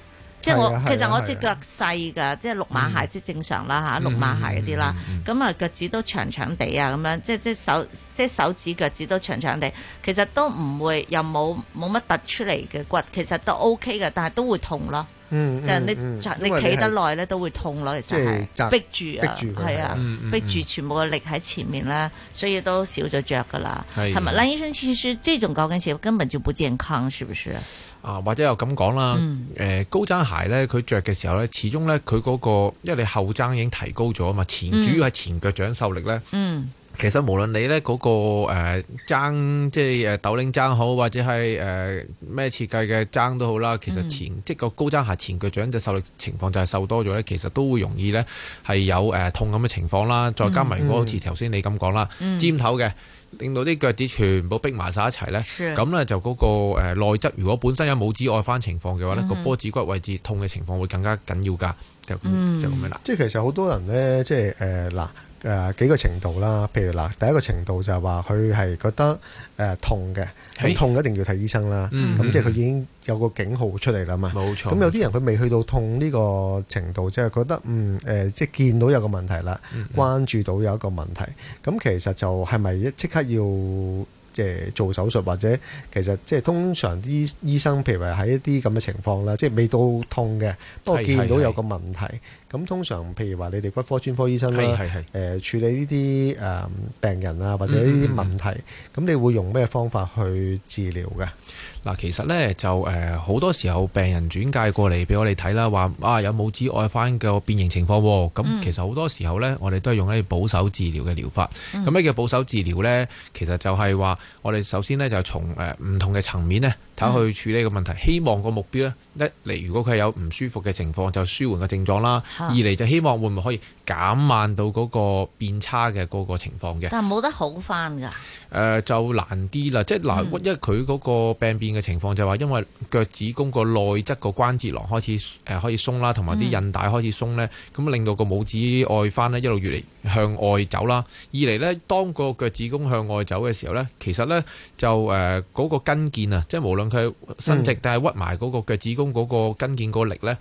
E: 即係我，啊、其實我隻腳細噶，啊、即係六碼鞋即係正常啦吓、嗯啊，六碼鞋嗰啲啦，咁啊腳趾都長長地啊，咁、嗯嗯、樣即係即係手即係手指腳趾都長長地，其實都唔會又冇冇乜突出嚟嘅骨，其實都 O K 噶，但係都會痛咯。嗯，就你你企得耐咧，都會痛咯。其實係逼住，係啊，逼住全部嘅力喺前面啦，嗯、所以都少咗着噶啦。係嘛是，藍醫生，其實這種高跟鞋根本就唔健康，是不是？
G: 啊，或者又咁講啦，誒、嗯呃，高踭鞋咧，佢着嘅時候咧，始終咧，佢嗰、那個，因為你後踭已經提高咗啊嘛，前主要係前腳掌受力咧。嗯嗯。其實無論你咧、那、嗰個誒踭、呃，即係誒斗零踭好，或者係誒咩設計嘅踭都好啦。其實前、嗯、即個高踭鞋前腳掌只受力情況就係受多咗咧，其實都會容易咧係有誒、呃、痛咁嘅情況啦。再加埋如果好似頭先你咁講啦，嗯、尖頭嘅，令到啲腳趾全部逼埋晒一齊咧，咁咧是就嗰個誒內側如果本身有拇趾外翻情況嘅話咧，嗯、那個波子骨位置痛嘅情況會更加緊要噶。就嗯，就咁樣啦。即係其實好多
H: 人咧，即係誒嗱。呃誒、呃、幾個程度啦，譬如嗱，第一個程度就係話佢係覺得誒、呃、痛嘅，咁、欸、痛一定要睇醫生啦。咁即係佢已經有個警號出嚟啦嘛。冇錯。咁有啲人佢未去到痛呢個程度，即、就、係、是、覺得嗯、呃、即係見到有個問題啦，嗯嗯，關注到有一個問題。咁其實就係咪即刻要即係做手術，或者其實即係通常啲醫生，譬如話喺一啲咁嘅情況啦，即係未到痛嘅，不過見到有個問題。是是是咁通常，譬如話你哋骨科專科醫生咧，誒、呃、處理呢啲誒病人啊，或者呢啲問題，咁、嗯嗯、你會用咩方法
G: 去治療嘅？嗱，其實咧就誒好、呃、多時候病人轉介過嚟俾我哋睇啦，話啊有冇趾外翻嘅變形情況喎？咁其實好多時候咧，我哋都係用一啲保守治療嘅療法。咁咩、嗯、叫保守治療咧？其實就係話我哋首先咧就從唔同嘅層面咧睇下去處理呢個問題，嗯、希望個目標咧一嚟，如果佢有唔舒服嘅情況，就舒緩嘅症狀啦。二嚟就希望會唔會可以，減慢到嗰個變差嘅嗰個情況嘅，但係冇
E: 得好返㗎。誒、
G: 呃、就難啲啦，即係嗱，一嚟佢嗰個病變嘅情況就係話，因為腳趾公個內側個關節囊開始誒開始鬆啦，同埋啲韌帶開始鬆咧，咁、嗯、令到個拇趾外翻咧一路越嚟向外走啦。二嚟咧，當、呃那個、個腳趾公向外走嘅時候咧，其實咧就誒嗰個筋腱啊，即係無論佢伸直但係屈埋嗰個腳趾公嗰個筋腱個力咧，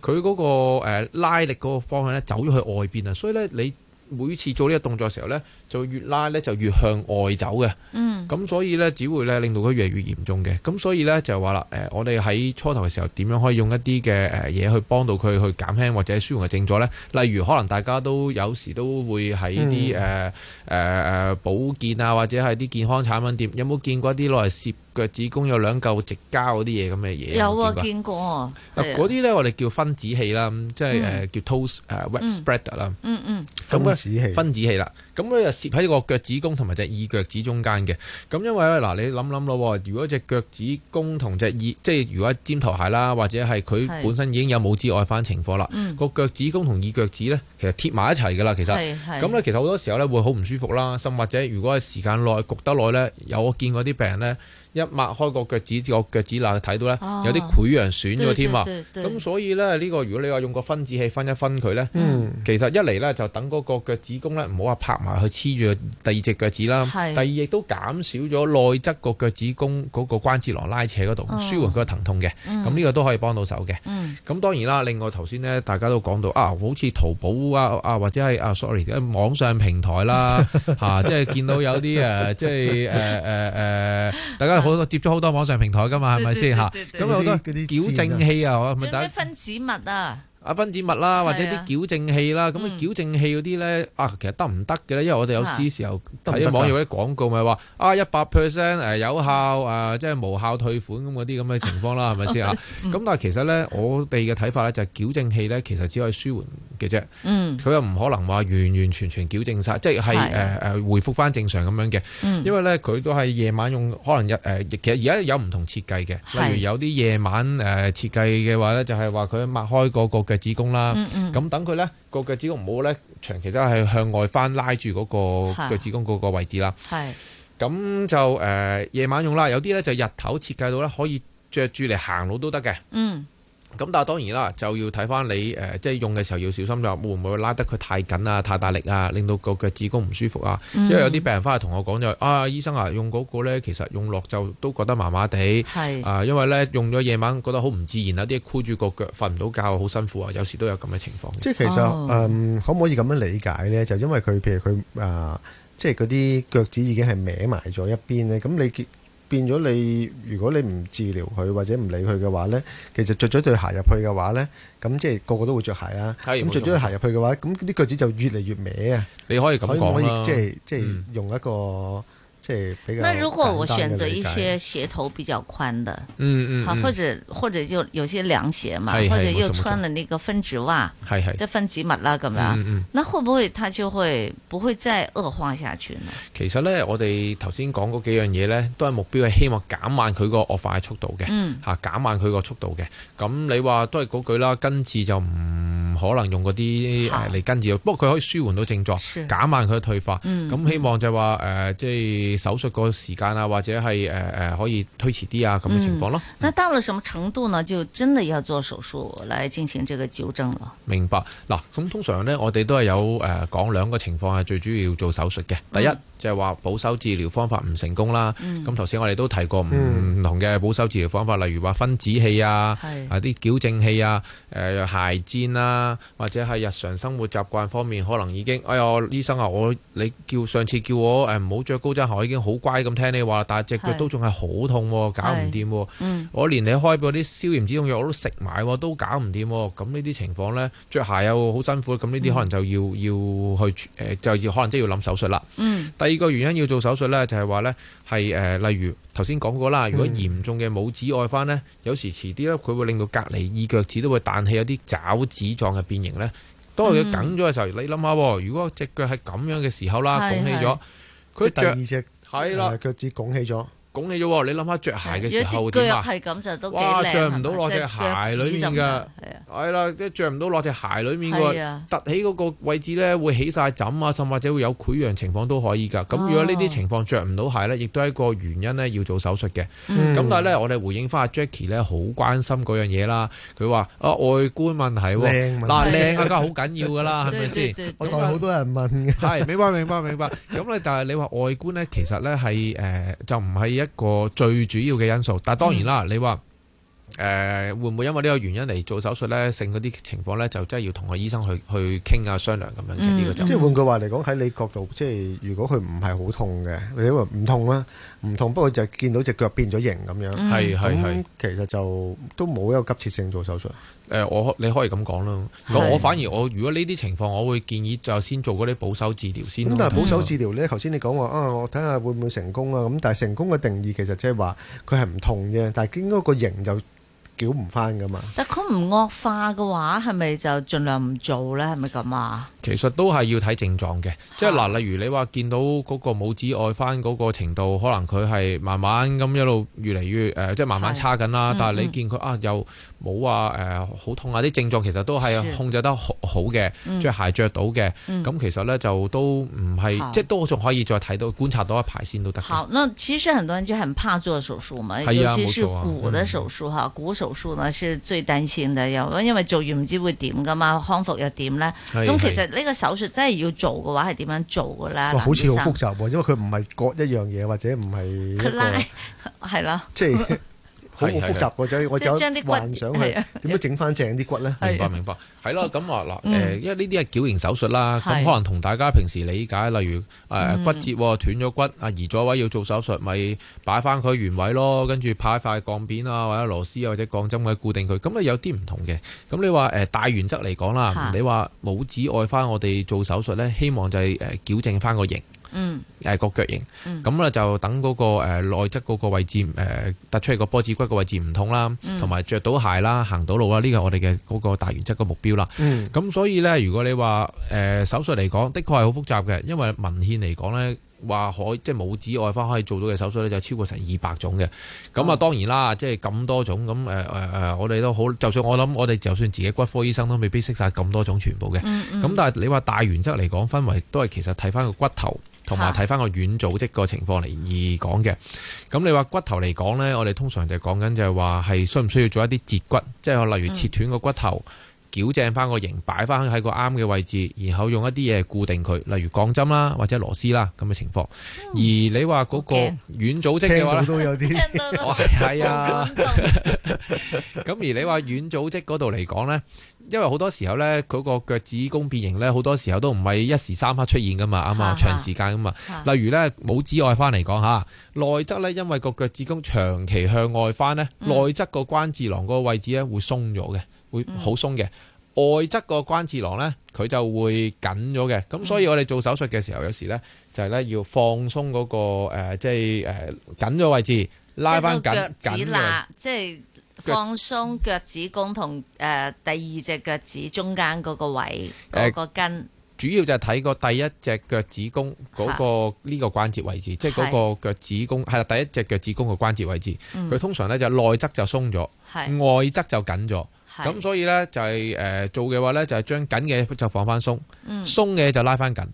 G: 佢嗰、嗯那個、呃、拉力嗰個方向咧走咗去外。所以咧，你每次做呢個動作嘅時候咧。就越拉咧，就越向外走嘅。嗯，咁所以咧，只會咧令到佢越嚟越嚴重嘅。咁所以咧，就話啦，誒，我哋喺初頭嘅時候，點樣可以用一啲嘅誒嘢去幫到佢去減輕或者舒緩嘅症狀咧？例如，可能大家都有時都會喺啲誒誒誒保健啊，或者係啲健康產品店，有冇見過一啲攞嚟攝腳趾公有兩嚿直膠嗰啲嘢咁嘅嘢？有的過啊，
E: 見過啊，嗰啲
G: 咧我哋叫分子器啦，是的即係誒叫 toes 誒 web spreader 啦。嗯
E: 嗯
I: 那分，分子器，分
G: 子器啦。咁咧。喺個腳趾公同埋隻二腳趾中間嘅，咁因為咧嗱，你諗諗咯，如果隻腳趾公同隻二，即係如果尖頭鞋啦，或者係佢本身已經有冇是、嗯、拇趾外翻情況啦，個腳趾公同二腳趾咧，其實貼埋一齊噶啦，其實，咁咧是其實好多時候咧會好唔舒服啦，甚或者如果係時間耐焗得耐咧，有我見過啲病人咧。一擘開個腳趾，個腳趾罅睇到咧，有啲潰瘍損咗添啊！咁所以咧，呢個如果你話用個分子器分一分佢咧，嗯、其實一嚟咧就等嗰個腳趾公咧，唔好話拍埋去黐住第二隻腳趾啦。是第二亦都減少咗內側個腳趾公嗰個關節囊拉扯嗰度，舒緩佢個疼痛嘅。咁呢、嗯、個都可以幫到手嘅。咁、嗯、當然啦，另外頭先咧大家都講到啊，好似淘寶啊啊或者係啊，sorry，網上平台啦嚇即係見到有啲啊，即係誒誒大家。我接咗好多網上平台噶嘛，係咪先嚇？咁有好多矯正器啊，做咩
E: 分子物啊？
G: 啊！分子物啦，或者啲矯正器啦，咁啊矯、嗯、正器嗰啲咧啊，其實得唔得嘅咧？因為我哋有時時候睇啲網頁啲廣告，咪話啊一百 percent 誒有效誒，即係無效退款咁嗰啲咁嘅情況啦，係咪先啊？咁 但係其實咧，我哋嘅睇法咧就係矯正器咧，其實只可以舒緩嘅啫，佢、嗯、又唔可能話完完全全矯正晒，係啊、即係誒誒回覆翻正常咁樣嘅，嗯、因為咧佢都係夜晚用，可能日其實而家有唔同的設計嘅，例如有啲夜晚誒設計嘅話咧，是就係話佢抹開、嗰個個腳趾公啦，嗯嗯，咁等佢咧個腳趾公唔好咧，長期都係向外翻拉住嗰個腳趾公嗰個位置啦。係，咁就誒、呃、夜晚用啦，有啲咧就日頭設計到咧可以着住嚟行路都得嘅。嗯。咁但係當然啦，就要睇翻你誒、呃，即係用嘅時候要小心就，會唔會拉得佢太緊啊、太大力啊，令到個腳趾公唔舒服啊。嗯、因為有啲病人翻去同我講就，啊醫生啊，用嗰個咧，其實用落就都覺得麻麻地，係啊是、呃，因為咧用咗夜晚覺得好唔自然啊，啲箍住個腳瞓唔到覺，好辛苦啊，有時都有咁嘅情況。即係其實誒、哦
H: 嗯，可唔可以咁樣理解咧？就因為佢譬如佢啊、呃，即係嗰啲腳趾已經係歪埋咗一邊咧，咁你結？變咗你，如果你唔治療佢或者唔理佢嘅話咧，其實着咗對鞋入去嘅話咧，咁即係個個都會着鞋啊。係。咁着咗對鞋入去嘅話，咁啲腳趾就越嚟越歪啊。
G: 你可以咁講以，可以即係即
H: 係用一個。嗯
G: 那如果我選擇一些
E: 鞋頭比較寬的，
I: 嗯嗯，
G: 好或
E: 者或者就有些涼鞋嘛，或者又穿了那個分趾襪，係係，即係分趾襪啦咁樣，嗯嗯，那會不會它就會不會再惡化下去呢？
G: 其實呢，我哋頭先講嗰幾樣嘢呢，都係目標係希望減慢佢個惡化嘅速度嘅，嗯，減慢佢個速度嘅。咁你話都係嗰句啦，根治就唔可能用嗰啲誒嚟根治，不過佢可以舒緩到症狀，減慢佢嘅退化，嗯，咁希望就話誒即係。手術個時間啊，或者係誒誒，可以推遲啲啊，咁嘅情況咯。嗯嗯、
E: 那到了什麼程度呢？就真的要做手術來進行這個糾正了。
G: 明白嗱，咁通常呢，我哋都係有誒講兩個情況係最主要要做手術嘅，第一。嗯。即係話保守治療方法唔成功啦。咁頭先我哋都提過唔同嘅保守治療方法，嗯、例如話分趾器啊，啊啲是矯正器啊，鞋墊呀、啊，或者係日常生活習慣方面，可能已經哎呀，醫生啊，我你叫上次叫我唔好着高踭鞋，已經好乖咁聽你話，但係隻腳都仲係好痛，是搞唔掂。是我連你開嗰啲消炎止痛藥我都食埋，都搞唔掂。咁呢啲情況呢，着鞋又、啊、好辛苦，咁呢啲可能就要、嗯、要去、呃、就要可能都要諗手術啦。嗯。呢個原因要做手術呢，就係話呢，係誒，例如頭先講過啦，如果嚴重嘅拇趾外翻呢，嗯、有時遲啲呢，佢會令到隔籬二腳趾都會彈起有啲爪趾狀嘅變形呢。當佢梗咗嘅時候，嗯、你諗下，如果隻腳係咁樣嘅時候啦，的拱起咗，佢的穿第二隻係啦腳趾拱起咗。拱你咗喎，你諗下着鞋嘅時候點啊？係
E: 咁就都哇，着唔到落隻
G: 鞋裏面㗎，係啦、啊，即着唔到落隻鞋裏面個凸起嗰個位置咧，會起晒枕啊，甚或者會有潰瘍情況都可以㗎。咁如果呢啲情況着唔到鞋咧，亦都係一個原因咧，要做手術嘅。咁、嗯嗯、但係咧，我哋回應翻阿 Jackie 咧，好關心嗰樣嘢啦。佢話啊，外觀問題，嗱靚啊，梗係好緊要㗎啦，係咪先？對對對對對，我見好多人問㗎。係，明白，明白，明白。咁咧，但係你話外觀咧，其實咧係、呃、就唔係一個最主要嘅因素，但係當然啦，嗯、你話誒會唔會因為呢個原因嚟做手術呢？剩嗰啲情況呢，就真係要同個醫生去去傾下商量咁樣。呢、嗯、個就即係換句話嚟
H: 講，喺你角度，即係如果佢唔係好痛嘅，你因為唔痛啦，唔痛，不過就係見到隻腳變咗形咁樣，係係係，其實就都冇一個急切性做手術。誒、呃，
G: 我你可以咁講啦。咁的我反而我如果呢啲情況，我會建議就先做嗰啲保守治療先。咁但係保守治
H: 療咧，頭先、嗯、你講話啊，我睇下會唔會成功啊？咁但係成功嘅定義其實即係話佢係唔痛啫，但係應該個形就矯唔翻噶嘛。
E: 但係佢唔惡化嘅話，係咪就盡量唔做咧？係咪咁啊？
G: 其實都係要睇症狀嘅，即係嗱，例如你話見到嗰個拇指外翻嗰個程度，可能佢係慢慢咁一路越嚟越誒，即係慢慢差緊啦。但係你見佢啊，又冇話誒好痛啊，啲症狀其實都係控制得好好嘅，即係鞋着到嘅。咁其實咧就都唔係，即係都仲可以再睇到觀察到一排先都得。
E: 好，那其實很多人就很怕做手術嘛，尤其是骨的手術嚇，骨手術呢是最擔心嘅，又因為做完唔知會點噶嘛，康復又點咧。咁其呢個手術真係要做嘅話是怎做的，係點樣做嘅咧？哇，好似好複雜
H: 喎，嗯、因為佢唔係割一樣嘢，或者唔係一個
E: 係咯，即係。
H: 好，好複雜嘅啫，即係將啲骨點樣整翻正啲骨呢？
G: 明白明白，係咯咁啊嗱，誒， 因為呢啲係矯形手術啦，咁、嗯、可能同大家平時理解，例如誒骨折斷咗骨，移咗、嗯、位要做手術，咪擺翻佢原位咯，跟住派一塊鋼片啊，或者螺絲或者鋼針位固定佢。咁咧有啲唔同嘅，咁你話誒大原則嚟講啦，的你話拇指外翻我哋做手術呢，希望就係誒矯正翻個形。嗯，誒，個腳型，咁咧、嗯、就等嗰個誒內側嗰個位置，誒突出嚟個波子骨個位置唔痛啦，同埋着到鞋啦，行到路啦，呢個係我哋嘅嗰個大原則個目標啦。嗯，咁所以咧，如果你話誒、呃、手術嚟講，的確係好複雜嘅，因為文獻嚟講咧，話可即係拇趾外翻可以做到嘅手術咧，就超過成二百種嘅。咁啊，當然啦，哦、即係咁多種，咁誒誒誒，我哋都好，就算我諗我哋就算自己骨科醫生都未必識晒咁多種全部嘅、嗯。嗯咁但係你話大原則嚟講，分為都係其實睇翻個骨頭同埋睇翻個軟組織個情況嚟而講嘅，咁、啊、你話骨頭嚟講呢，我哋通常就講緊就係話係需唔需要做一啲截骨，即、就、係、是、例如切斷個骨頭，矯、嗯、正翻個形，擺翻喺個啱嘅位置，然後用一啲嘢固定佢，例如鋼針啦或者螺絲啦咁嘅情況。嗯、而你話嗰個軟組織嘅話都有
H: 啲，聽到都有啲，係啊
G: 咁而你話軟組織嗰度嚟講呢？因為好多時候咧，嗰、那個腳趾公變形咧，好多時候都唔係一時三刻出現噶嘛，啊嘛，長時間噶嘛。啊、例如咧，拇指外翻嚟講吓，內側咧，因為個腳趾公長期向外翻咧，內側個關節囊個位置咧會鬆咗嘅，會好鬆嘅；嗯、外側個關節囊咧，佢就會緊咗嘅。咁所以我哋做手術嘅時候，嗯、有時咧就係咧要放鬆嗰、那個誒、呃，即係誒緊咗位置，拉翻緊緊
E: 放鬆腳趾公同誒第二隻腳趾中間嗰個位嗰個筋，
G: 主要就係睇個第一隻腳趾公嗰個呢個關節位置，即係嗰個腳趾公係啦，第一隻腳趾公個關節位置，佢通常咧就內側就鬆咗，外側就緊咗，咁所以咧就係誒做嘅話咧就係將緊嘅就放翻鬆，鬆嘅就拉翻緊，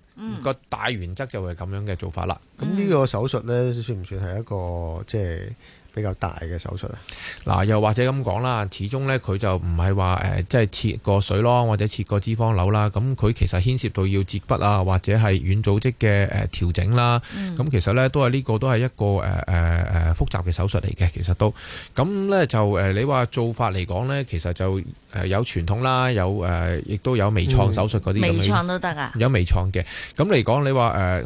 G: 個大原則就會咁樣嘅做法啦。咁呢
H: 個手術咧算唔算係一個即係？
G: 比較大嘅手術啊，嗱，又或者咁講啦，始終呢，佢就唔係話誒，即係切個水咯，或者切個脂肪瘤啦，咁佢其實牽涉到要截骨啊，或者係軟組織嘅誒調整啦，咁、嗯、其實呢，都係呢個都係一個誒誒誒複雜嘅手術嚟嘅，其實都咁呢，那就誒，你話做法嚟講呢，其實就誒有傳統啦，有誒亦、呃、都有微創手術嗰啲，微創都得㗎，有微創嘅，咁嚟講你話誒。呃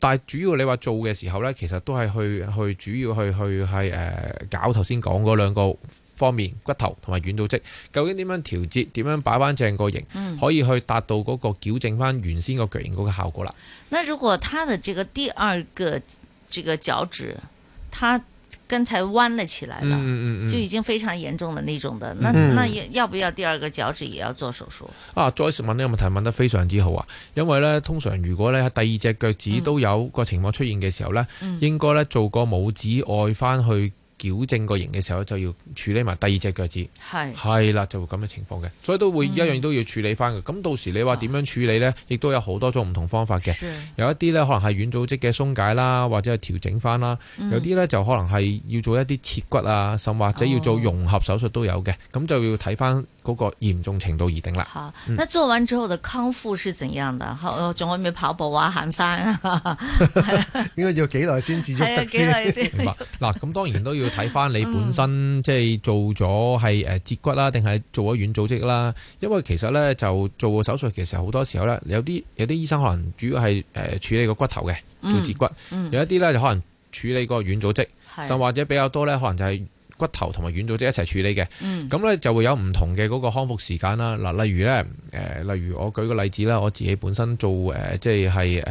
G: 但係主要你話做嘅時候呢，其實都係去去主要去去係誒搞頭先講嗰兩個方面，骨頭同埋軟組織，究竟點樣調節，點樣擺翻正個形，可以去達到嗰個矯正翻原先個腳型嗰個效果啦。
J: 嗯、
E: 那如果他的這個第二個這個腳趾，他剛才彎了起來了，嗯嗯、就已經非常嚴重的那種的。嗯、那那要要不要第二個腳趾也要做手術？
G: 啊，Joyce 問呢個問題問得非常之好啊，因為咧通常如果咧喺第二隻腳趾都有個情況出現嘅時候咧，嗯、應該咧做個拇指外翻去。矯正個形嘅時候就要處理埋第二隻腳趾，係係啦，就會咁嘅情況嘅，所以都會一樣都要處理翻嘅。咁、嗯、到時你話點樣處理呢？亦都有好多種唔同方法嘅。是有一啲呢，可能係軟組織嘅鬆解啦，或者係調整翻啦，有啲呢，就可能係要做一啲切骨啊，甚或者要做融合手術都有嘅。咁、哦、就要睇翻。嗰個嚴重程度而定啦、嗯。好，那做
E: 完之後嘅康復是怎樣的？我仲可以跑步、啊、玩行山、
G: 啊？呢 個 要幾耐先至做得先？明白嗱，咁當然都要睇翻你本身，即係做咗係誒截骨啦，定係做咗軟組織啦。因為其實咧，就做個手術，其實好多時候咧，有啲有啲醫生可能主要係誒處理個骨頭嘅做截骨，嗯嗯、有一啲咧就可能處理個軟組織，甚或者比較多咧，可能就係、是。骨頭同埋軟組織一齊處理嘅，咁咧、嗯、就會有唔同嘅嗰個康復時間啦。嗱，例如咧，誒、呃，例如我舉個例子啦，我自己本身做誒、呃，即係係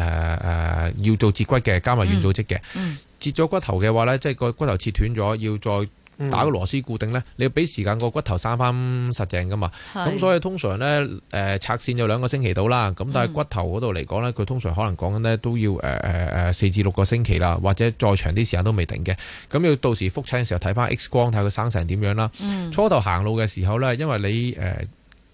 G: 誒誒要做截骨嘅，加埋軟組織嘅，嗯嗯、截咗骨頭嘅話咧，即係個骨頭切斷咗，要再。打個螺絲固定呢，你要俾時間個骨頭生翻實淨噶嘛。咁、嗯、是所以通常呢，誒、呃、拆線有兩個星期到啦。咁但係骨頭嗰度嚟講呢，佢通常可能講緊呢都要誒、呃、四至六個星期啦，或者再長啲時間都未定嘅。咁要到時復診嘅時候睇翻 X 光，睇下佢生成點樣啦。初頭行路嘅時候呢，因為你誒、呃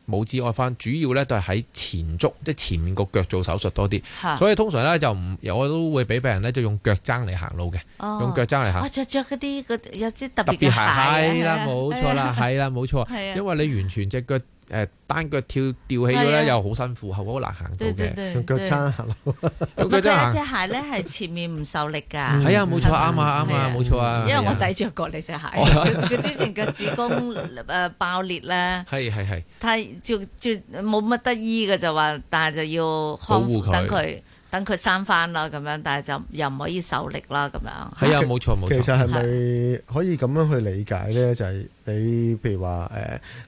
G: 拇趾外翻，主要咧都係喺前足，即係前面個腳做手術多啲，啊、所以通常咧就唔，我都會俾病人咧就用腳踭嚟行路嘅，哦、用腳踭嚟行。我着
E: 着嗰啲有啲特別特別鞋。係啦，冇錯、啊啊、啦，
G: 係啦，冇錯。係啊，因為你完全隻腳。誒，單腳跳吊起咗咧，又好辛苦，後果好難行到嘅，腳撐下咯。咁佢一隻
E: 鞋咧，係前面唔受力噶。係啊，冇錯，
G: 啱啊，啱啊，冇錯啊。因
E: 為我仔着過你隻鞋，佢之前腳趾公誒爆裂咧。係係係。他就就冇乜得醫嘅就話，但係就要康復佢。等佢生翻啦，咁樣，但係就又唔可以受力啦，咁樣。係啊，
G: 冇錯冇錯。其實係
H: 咪可以咁樣去理解咧？就係你譬如話誒，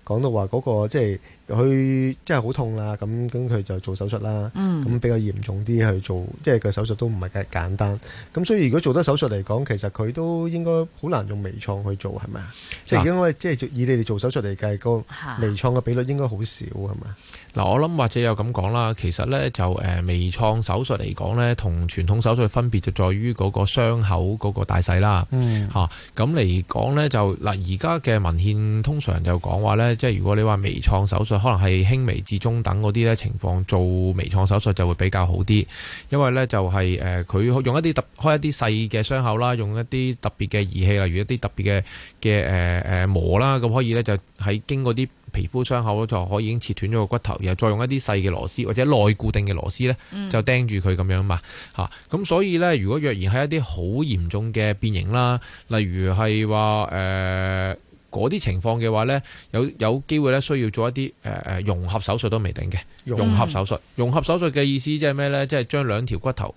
H: 講到話嗰個即係佢即係好痛啦，咁咁佢就做手術啦。嗯。咁比較嚴重啲去做，即係個手術都唔係咁簡單。咁所以如果做得手術嚟講，其實佢都應該好難用微創去做，係咪啊？即係因為即係以你哋做手術嚟計，個微創嘅比率應該好少係咪啊？
G: 嗱，我諗或者又咁講啦，其實咧就誒微創手術嚟講咧，同傳統手術分別就在於嗰個傷口嗰個大細啦，吓咁嚟講咧就，嗱，而家嘅文獻通常就講話咧，即係如果你話微創手術，可能係輕微至中等嗰啲咧情況做微創手術就會比較好啲，因為咧就係誒佢用一啲特開一啲細嘅傷口啦，用一啲特別嘅儀器例如一啲特別嘅嘅誒誒磨啦，咁、呃、可以咧就喺經過啲。皮膚傷口咧就可以已經切斷咗個骨頭，然後再用一啲細嘅螺絲或者內固定嘅螺絲呢，就釘住佢咁樣嘛嚇。咁、嗯啊、所以呢，如果若然係一啲好嚴重嘅變形啦，例如係、呃、話誒嗰啲情況嘅話呢，有有機會咧需要做一啲誒融合手術都未定嘅。融合手術、嗯，融合手術嘅意思即係咩呢？即係將兩條骨頭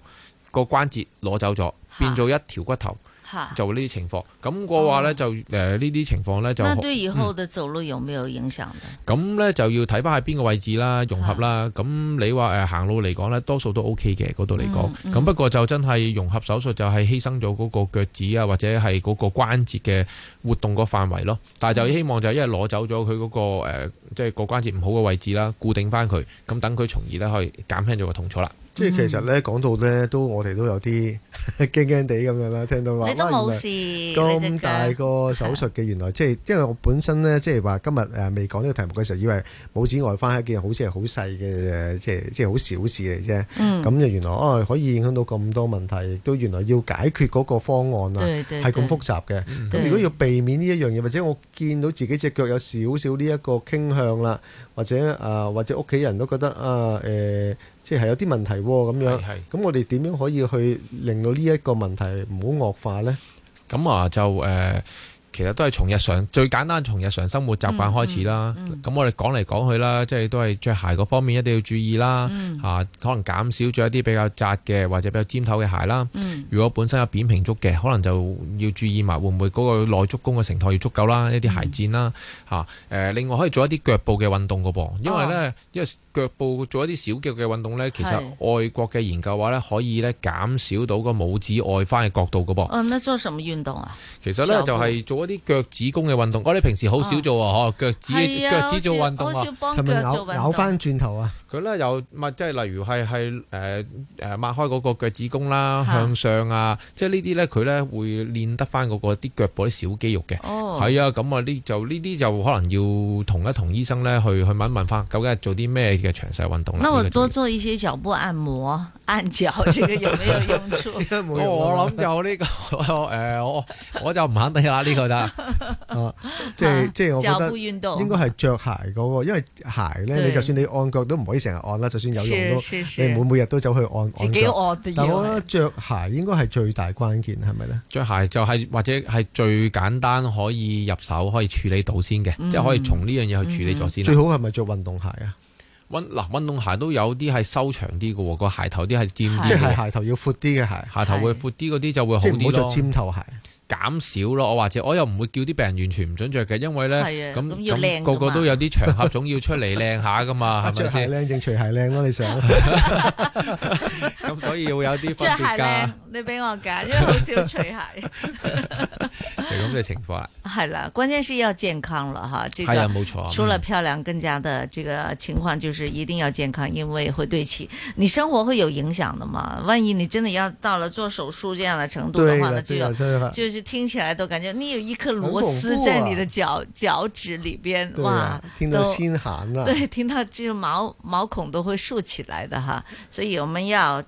G: 個關節攞走咗，變做一條骨頭。啊就呢啲情況，咁嘅話咧就誒呢啲情況咧就。哦呃、就對以後嘅
E: 走路有冇影響？
G: 咁咧、嗯、就要睇翻喺邊個位置啦，融合啦。咁、啊、你話誒、呃、行路嚟講咧，多數都 O K 嘅嗰度嚟講。咁、嗯嗯、不過就真係融合手術就係犧牲咗嗰個腳趾啊，或者係嗰個關節嘅活動個範圍咯。但係就希望就係因為攞走咗佢嗰個誒，即係個關節唔好嘅位置啦，固定翻佢，咁等佢從而咧可以減輕咗個痛楚啦。即係、嗯、其實
H: 咧講到咧，都我哋都有啲驚驚地咁樣啦。聽到話，你都冇事，咁大個手術嘅， 原來即係因為我本身咧，即係話今日誒未講呢個題目嘅時候，以為拇指外翻係一件好似係好細嘅，即係即係好小事嚟啫。咁就、嗯、原來哦，可以影響到咁多問題，亦都原來要解決嗰個方案啊，係咁複雜嘅。咁如果要避免呢一樣嘢，或者我見到自己隻腳有少少呢一個傾向啦，或者啊、呃，或者屋企人都覺得啊，誒、呃。呃呃呃呃呃呃即係有啲問題咁樣，咁是是 我哋點樣可以去令到呢一個問題唔好惡化呢？
G: 咁啊，就誒、呃，其實都係從日常最簡單，從日常生活習慣開始啦。咁、嗯嗯、我哋講嚟講去啦，即係都係着鞋嗰方面一定要注意啦。嚇、嗯啊，可能減少咗一啲比較窄嘅或者比較尖頭嘅鞋啦。嗯、如果本身有扁平足嘅，可能就要注意埋會唔會嗰個內足弓嘅承托要足夠啦。一啲、嗯、鞋墊啦，嚇、啊、誒，另外可以做一啲腳部嘅運動嘅噃，因為呢。因為、啊。腳步做一啲小腳嘅運動咧，其實外國嘅研究話咧，可以咧減少到個拇指外翻嘅角度噶噃、哦
E: 啊。哦，你做什麼運動啊？
G: 其實咧就係做一啲腳趾公嘅運動。我哋平時好少做啊，腳趾腳趾做運動啊，係咪扭扭翻轉頭啊？佢咧又，咪即係例如係係誒誒，擘、呃、開嗰個腳趾公啦，啊、向上啊，即係呢啲咧，佢咧會練得翻嗰、那個啲腳部啲小肌肉嘅。哦，係啊，咁啊，呢就呢啲就可能要同一同醫生咧去去問一問翻，究竟係做啲咩詳細運動啦，那我多
E: 做一些腳部按摩、按腳，
G: 這個有沒有用處？ 沒用哦，我諗就呢個，誒， 我我就唔肯定啦，呢個啦，啊，即係即係我覺得應該係着鞋嗰個，
H: 因為鞋咧，對你就算你按腳都唔可以成日按啦，就算有用都，是是是你每每日都走去按自己按。但我覺得着鞋應該係最大關鍵，係咪咧？
G: 着鞋就係、是、或者係最簡單可以入手可以處理到先嘅，即係、嗯、可以從呢樣嘢去處理咗先。嗯嗯、最好
H: 係咪着運動鞋啊？
G: 温嗱，運動鞋都有啲係修長啲嘅，個鞋頭啲係尖啲，即係的鞋頭要闊啲嘅鞋，的鞋頭會闊啲嗰啲就會好啲咯。着尖頭鞋，減少咯。我或者，我又唔會叫啲病人完全唔准着嘅，因為咧，咁咁個個都有啲場合總要出嚟靚下噶嘛，係咪先？
H: 靚正除係靚咯，你想。
G: 所以會有啲即係
E: 咧，你俾我揀，因為好
G: 少除鞋，就咁嘅情況
E: 係啦，關鍵是要健康咯，哈，這個除了漂亮，更加的這個情況就是一定要健康，因為會對起你生活會有影響的嘛。萬一你真的要到了做手術這樣的程度嘅話，呢就有，就是聽起來都感覺你有一顆螺絲在你的腳腳趾裏邊，哇，聽到心
H: 寒
K: 啊，對，
E: 聽到就毛毛孔都會豎起來的哈，所以我們要。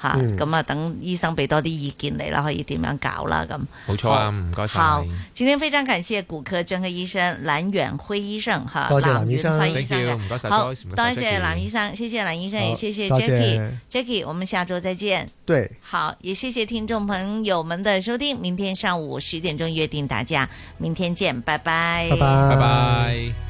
E: 吓，咁啊等醫生俾多啲意見你啦，可以點樣搞啦咁。冇
G: 錯啊，唔該晒。好，
E: 今天非常感謝骨科專科醫生藍遠輝醫生吓，多謝藍醫生，歡迎晒。好，多謝藍醫生，謝謝藍醫生，也謝謝 Jackie，Jackie，我們下周再見。對，好，也謝謝聽眾朋友們的收聽，明天上午十點鐘約定大家，明天見，拜拜，拜
L: 拜。